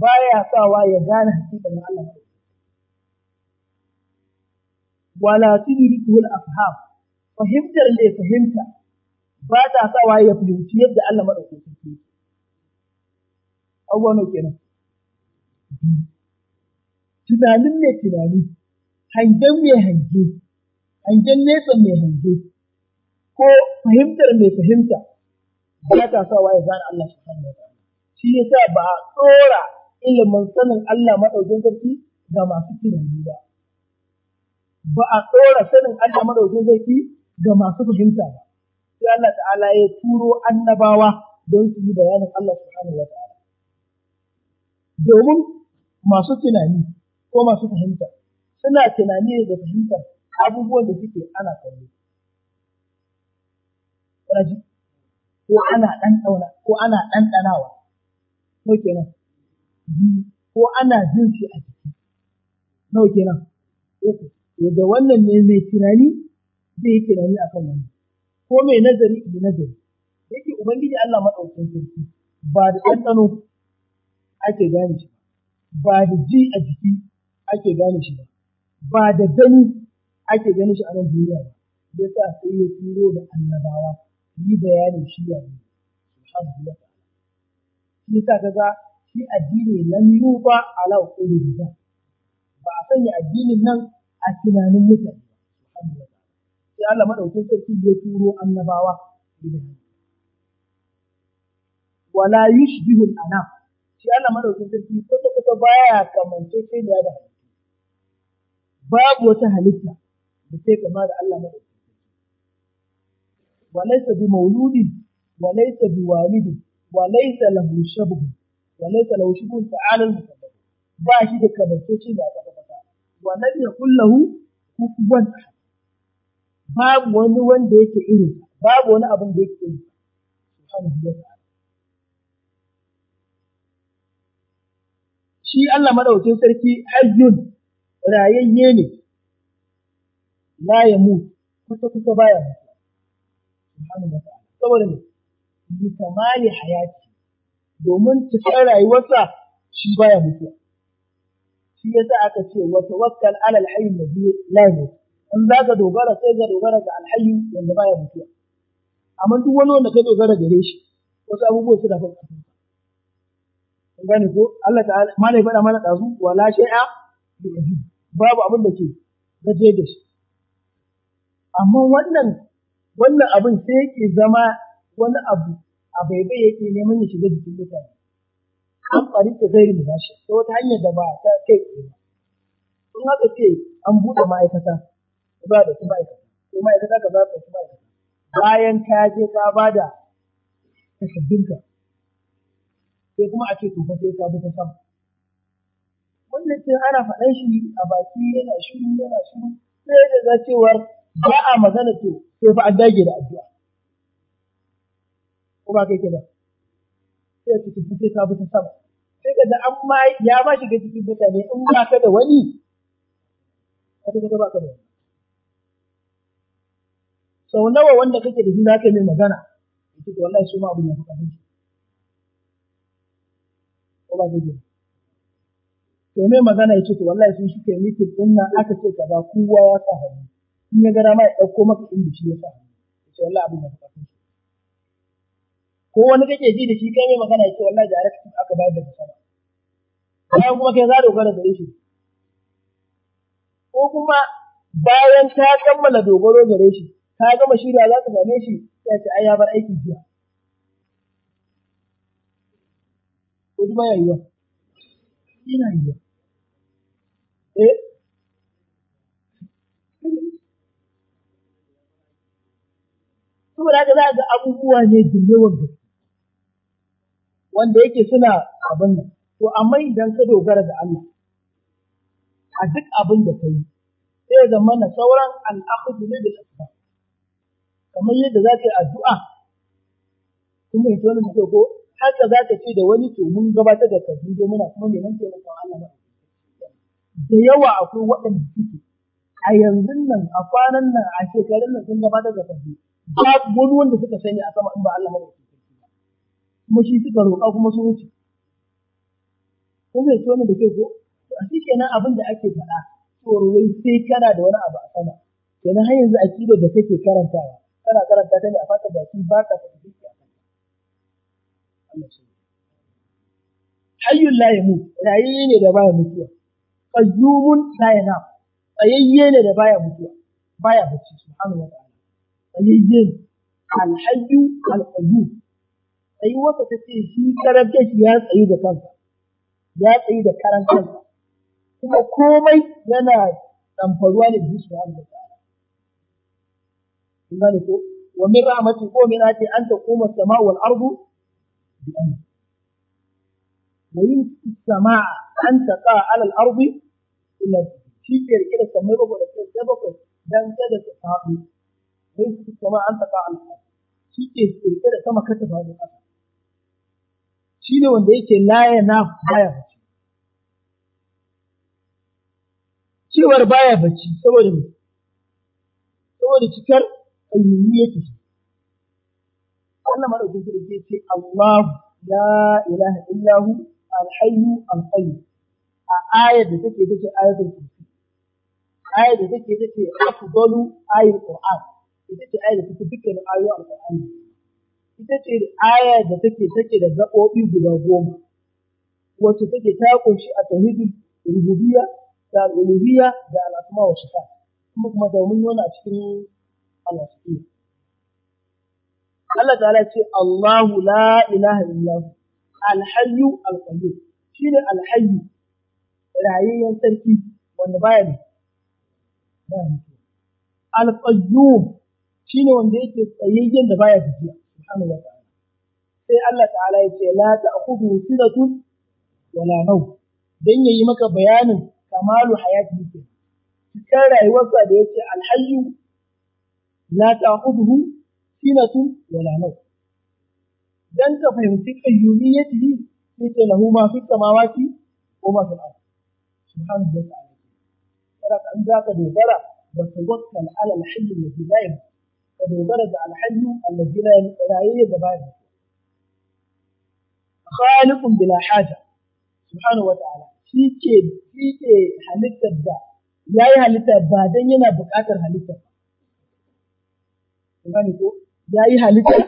baya sawa ya gane hakikan Allah wala tudriku al-afham fahimtar ne fahimta ba ta sawa ya fahimci yadda Allah madaukakin ke abubuwa kenan tunanin mai tunani hangen mai hange, hangen nesa mai hange, ko fahimtar mai fahimta ba ta sawa ya gane Allah subhanahu wa ta'ala. Shi sa ba a tsora ilimin sanin Allah maɗaukin sarki ga masu tunani ba. Ba a tsora sanin Allah maɗaukin sarki ga masu fahimta ba. Sai Allah ta'ala ya turo annabawa don su yi bayanin Allah subhanahu wa ta'ala. Domin masu tunani ko masu fahimta. suna tunani da fahimtar abubuwan da suke ana kallo ko ana ɗan dauna ko ana ɗan ɗanawa, ko kenan biyu ko ana jin shi a jiki nawa kenan uku to da wannan ne mai tunani zai yi tunani akan wannan ko mai nazari da nazari yake ubangiji Allah madaukakin sarki ba da ɗanɗano ake gane shi ba da ji a jiki ake gane shi ba ba da gani ake ganin shi a nan duniya ba ya sa sai ya turo da annabawa yi bayani shi ya ne subhanahu wa sa shi ga shi addini yi ba ala uquli bidah ba a sanya addinin nan a tunanin mutane subhanahu sai Allah madaukakin sarki ya turo annabawa wala yushbihul anam shi Allah madaukakin sarki kwata kwata baya kamance sai da babu wata halitta da sai kama da Allah mai wa laysa bi mauludi wa laysa bi walidi wa laysa lahu shabh wa laysa lahu shabh ta'ala ba shi da shi da kwata kwata wa lam yakul lahu kufuwan babu wani wanda yake irin babu wani abin da yake irin subhanahu wa ta'ala shi Allah madaukakin sarki hayyun rayayye ne la ya mu kusa kusa baya mutu subhanahu wa ta'ala saboda ne bi kamali hayati domin cikar rayuwarsa shi baya mutuwa shi yasa aka ce wa tawakkal ala alhayy alladhi la yamut in ka dogara sai ka dogara ga alhayy wanda baya mutuwa amma duk wani wanda ka dogara gare shi wasu abubuwa suna fa kasan kun gane ko Allah ta'ala malai faɗa mana dazu wala shay'a bi wajhi babu abin da ke gaje da shi amma wannan wannan abin sai yake zama wani abu a baibai yake neman ya shiga jikin mutane an tsari ta zai rubu bashi ta wata hanyar da ba ta kai tsaye ba Sun haka ce an buɗe ma'aikata ba da su ma'aikata ko ma'aikata ka za ta su ma'aikata bayan ka je ka ba da takardunka sai kuma a ce to sai ka bi ta sama wannan cin ana faɗan shi a baki yana shiru yana shiru sai da za cewar ba a magana to sai fa an dage da addu'a ko ba kai ke ba sai ya tafi sai ta bi ta sama sai ka da an ma ya shi ga cikin mutane in ba ka da wani ka ta ba ka da wani sau nawa wanda kake da shi za ka yi magana ya ce wallahi shi ma abin ya fi ƙarfi ko ba kai ke ba to me magana ce to wallahi sun shike miki din nan aka ce ba kowa ya sa hannu in ya gara ma ya dauko maka inda shi ya sa hannu yace wallahi abin da ka san ko wani kake ji da shi kai mai magana ce, wallahi da harkar aka bayar da sama bayan kuma kai za dogara da shi ko kuma bayan ta kammala dogaro da shi ta gama shirya za ta same shi sai ta ai bar aiki jiya ko kuma ya ina yiwuwa Saboda haka za ga abubuwa ne da yawan Wanda yake suna abin nan. To amma idan ka dogara da Allah a duk abin da ka yi sai ya zama na sauran al'akudu ne da shafa. Kamar yadda za ka yi addu'a kuma ita wani ko haka za ka ce da wani to mun gabatar da kasu dai muna kuma neman taimakon Allah ba. da yawa akwai waɗanda suke a yanzu nan a kwanan nan a shekarun nan sun gabatar da kafi ba wani wanda suka sani a sama in ba Allah mai kuma shi suka roƙa kuma sun wuce zai ya tona da ke ko a shi nan abin da ake faɗa cewar sai kana da wani abu a sama kenan har yanzu kido da kake karantawa kana karanta ta ne a fata baki ba ka ta fi a kan Allah shi hayyul la ne da baya mutuwa qayyumun la yanam tsayayye ne da baya mutuwa baya bacci subhanahu wa ta'ala tsayayye ne alhayyu alqayyum sai wata ta ce shi karan kanshi ya tsayi da kansa ya tsayi da karan kuma komai yana damfaruwa ne da subhanahu wa ta'ala kun gane ko wa min rahmatin ko min ati an taquma as-sama wal ardu bi amri wa yumsiku as-samaa an taqa 'ala al-ardi ilabi shi ke rike da sammai bakwai da kai sai bakwai dan kada su sai su kama an shi ke rike da sama kasa ba da ƙasa shi ne wanda yake laye na baya bacci cewar baya bacci saboda me saboda cikar ayyuni yake shi Allah madaukakin sarki ce Allah la ilaha illahu al-hayyu a ayar da take take ayatul kursi ayar da take take afdalu ayatul qur'an ita ce ayar da take dukkan ayoyin alqur'ani ita ce ayar da take take da gabobi guda goma wacce take ta kunshi a tauhidin rububiyya da uluhiyya da al'asma wa sifat kuma kuma da mun wani a cikin al'asma Allah ta'ala ce Allahu la ilaha illahu al-hayyu al-qayyum shine al-hayyu rayayyen sarki wanda baya ne al shi ne wanda yake tsayayyen da baya tafiya subhanahu wa ta'ala sai Allah ta'ala ya ce la ta'khudhu sinatun wala naw dan yayi maka bayanin kamalu hayati ke cikin rayuwarsa da yake alhayyu la ta'khudhu sinatun wala naw dan ka fahimci qayyumiyyati yake lahu ma fi samawati wa ma fil ardh سبحانه وتعالى قالت أن ذاك دوبرة وتوكل على الحي الذي لا يبقى فدوبرة على الحي الذي لا يبقى خالق بلا حاجة سبحانه وتعالى شيكي شيكي حلتة دا يا يا حلتة بعدين ينا بكاتر حلتة سبحانه وتعالى يا يا حلتة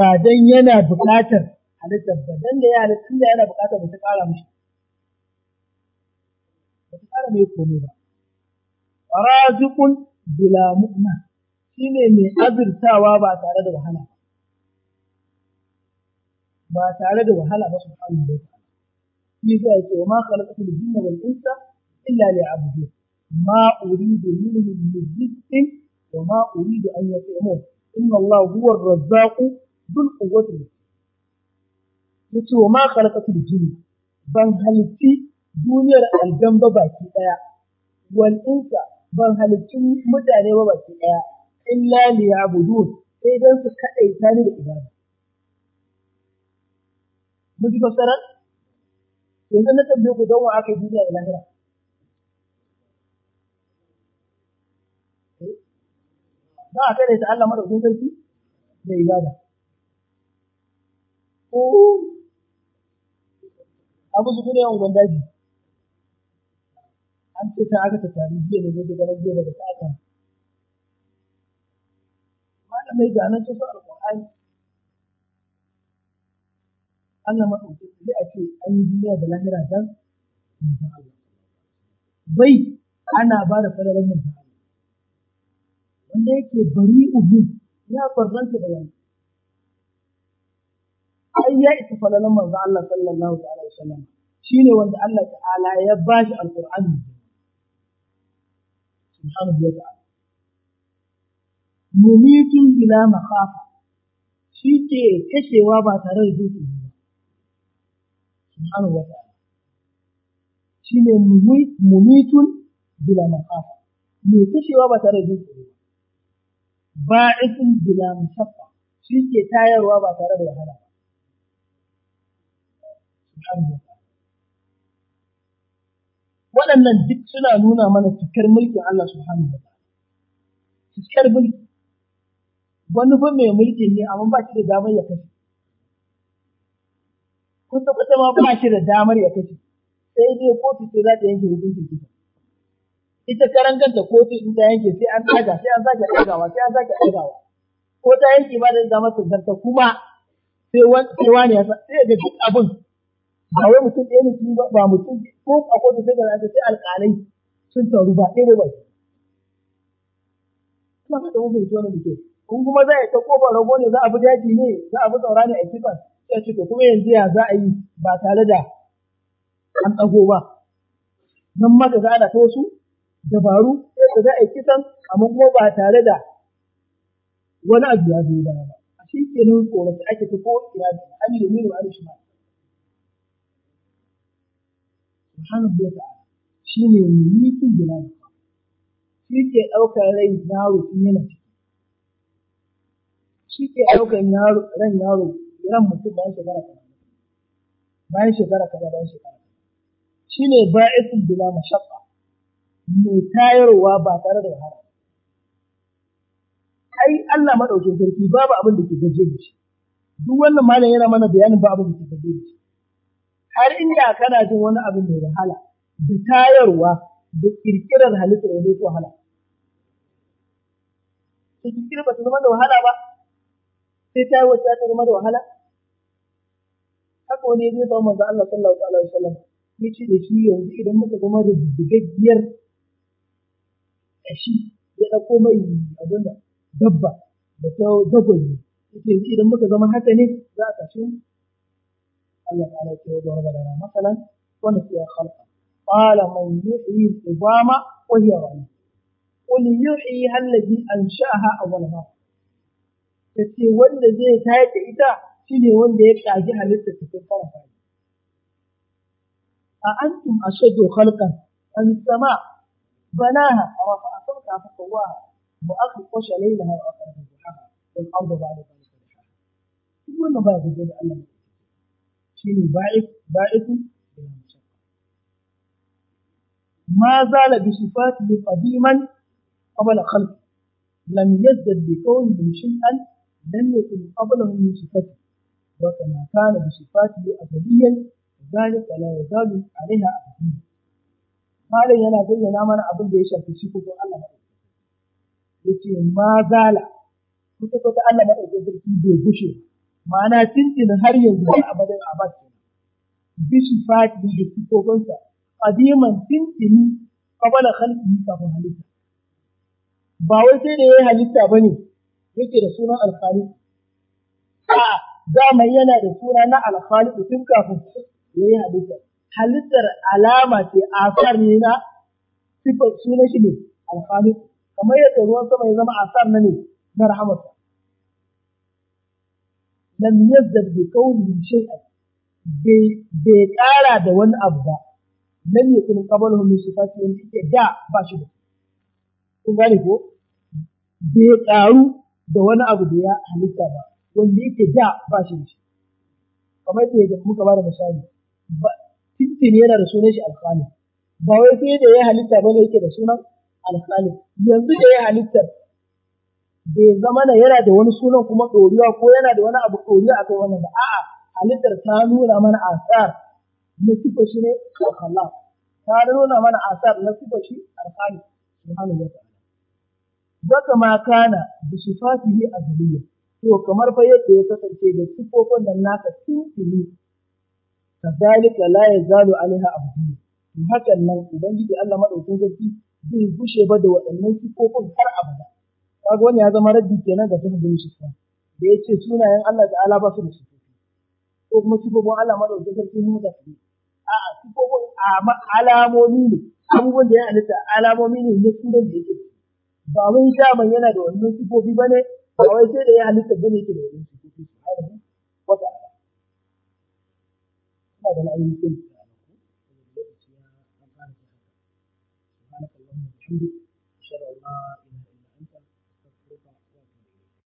بعدين ينا بكاتر حلتة بعدين يا حلتة ينا بكاتر بتكالا مشكلة ta ƙara mai komai ba raziqun bila mu'na shine mai azurtawa ba tare da wahala ba tare da wahala ba subhanahu wa ta'ala shi zai ce wa ma khalaqatul jinna na insa illa liya'budun ma uridu minhum min rizqin da ma uridu an yut'imun inna Allah huwa ar-razzaq dhul quwwati yace wa ma khalaqatul jinna ban halitti duniyar aljan ba baki ɗaya, wal insa ban halicci mutane ba baki ɗaya, illa liya'budun sai don su ta ni da ibada. Mun ji Yanzu na tambaye ku don wa aka yi duniya da lahira. Ba eh? a ta Allah maɗaukin sarki da ibada. Abu su gudu yawan gwandaji. an ce ta aka ta tari jiya ne zai ganin jiya daga sa'atan malamai ga nan sosan alƙur'ani Allah maɗauki sai a ce an yi duniya da lahira dan manzon Allah bai ana ba da fadalar manzon Allah wanda yake bari ubi ya farzanta da wani ai ya isa fadalar manzon Allah sallallahu alaihi wasallam shine wanda Allah ta'ala ya bashi alƙur'ani subhanahu wa ta'ala mumitun bila makhafa shi ke kashewa ba tare da jiki ba subhanahu wa ta'ala shi ne mumitun bila makhafa mai kashewa ba tare da jiki ba ba'ithun bila mashaqqa shi ke tayarwa ba tare da wahala ba subhanahu wa ta'ala waɗannan duk suna nuna mana cikar mulkin Allah subhanahu wa ta'ala cikar mulki wani fa mai mulki ne amma ba shi da damar ya kashe ta kusa ma ba shi da damar ya kashe sai dai kotu sai za ta yanke hukuncin kisa ita karan kanta kotu in ta yanke sai an daga sai an sake dagawa sai an sake dagawa ko ta yanke ba da damar ta zarta kuma sai wani ya sa sai ga duk abin ba wai mutum ɗaya ne ba ba mutum ko a kotu sai da sai alƙalai sun taru ba ɗaya ba kuma mutum kun kuma za a ta rago ne za a bi daji ne za a bi tsaura ne a kifan sai ce to kuma yanzu ya za a yi ba tare da an ba nan ta wasu dabaru sai za a yi kisan amma kuma ba tare da wani abu ya zo ba a shi kenan tsoron ake ta ko ina da an yi da mini ba da shi ba subhanahu wa ta'ala ne mulikin bilal shi ke ɗaukar rai yaro tun yana ciki shi ke ɗaukar ran yaro ran mutum bayan shekara kaza bayan shekara kaza bayan shekara shi ne ba'isun bila mashaqqa mai tayarwa ba tare da wahala ai Allah madaukin sarki babu abin da ke gaje da shi duk wannan malam yana mana bayanin babu abin da ke gaje da shi har inda kana jin wani abin mai wahala da tayarwa da kirkirar halittar wani ko wahala sai kirkirar ba ta zama da wahala ba sai tayarwa ta zama da wahala haka wani ya zai zama manzo Allah sallallahu alaihi wasallam ya ce da shi yanzu idan muka zama da digaggiyar ƙashi ya ɗauko mai abin da dabba da ta dagwaye ya ce yanzu idan muka zama haka ne za a tashi تتكلم على الجوده ولا مثلا كن خلقا قال من يحيي العظام وهي رميم قل يحيي الذي انشاها اول مره تتي والذي تاك ايتا شنو وندي يتاجي حلت تكون فرقا اانتم اشد خلقا ام السماء بناها رفع خلقها فقواها واخلق وشا ليلها واخرج ضحاها والارض بعد ذلك ضحاها ثم بعد ذلك ne shine ba'ikun ma zala bi sifatihi qadiman qabla khalq lam yazdad bi kawnihi shay'an lam yakun qablahu min sifatihi wa kama kana bi sifatihi abadiyan zalika la yazalu a abadiyan malam yana bayyana mana abin da ya shafi shi kuma Allah yace ma zala kuta kuta Allah madaukakin sarki bai gushe ba ma'ana tintin har yanzu ne a madan abbas bishi fati da sifofinsa qadiman tintini qabala khalqihi kafin halitta ba wai sai da yi halitta ne yake da sunan alfani a dama yana da suna na alfani da tun kafin ya yi halitta halittar alama ce a asar ne na sifar sunan shi ne alfani kamar yadda ruwan sama ya zama asar na ne na rahamarsa lam yazdad bi qawlihi shay'an bai ƙara da wani abu ba lam yakun qablahu min sifati shi da kun gane ko bai ƙaru da wani abu da ya halitta ba wanda yake da ba shi da shi kamar da muka ba da da shi sai da ya halitta yake da yanzu bai zama na yana da wani sunan kuma ɗoriya ko yana da wani abu ɗoriya a kai wannan ba a'a halittar ta nuna mana asar na sifa shi ne al ta nuna mana asar na sifa shi al-khaliq subhanahu wa ta'ala wa ma kana bi sifatihi azaliyya to kamar fa yadda ya kasance da sifofin nan naka tintini kadhalika la yazalu alaiha abdiyya to hakan nan ubangiji Allah madaukakin sarki bai gushe ba da waɗannan sifofin har abada kaga wani ya zama raddi kenan ga sun bin shi da ya ce sunayen Allah ala ba su da shi ko kuma sifofin Allah madaukakin sarki mu da su a sifofin alamomi ne abubuwan da ya halitta alamomi ne na su da yake ba wai daman yana da wannan sifofi bane ba wai sai da ya halitta bane ke da wannan sifofi ba da ta'ala ina da ra'ayin ta سبحانك اللهم وبحمدك اشهد ان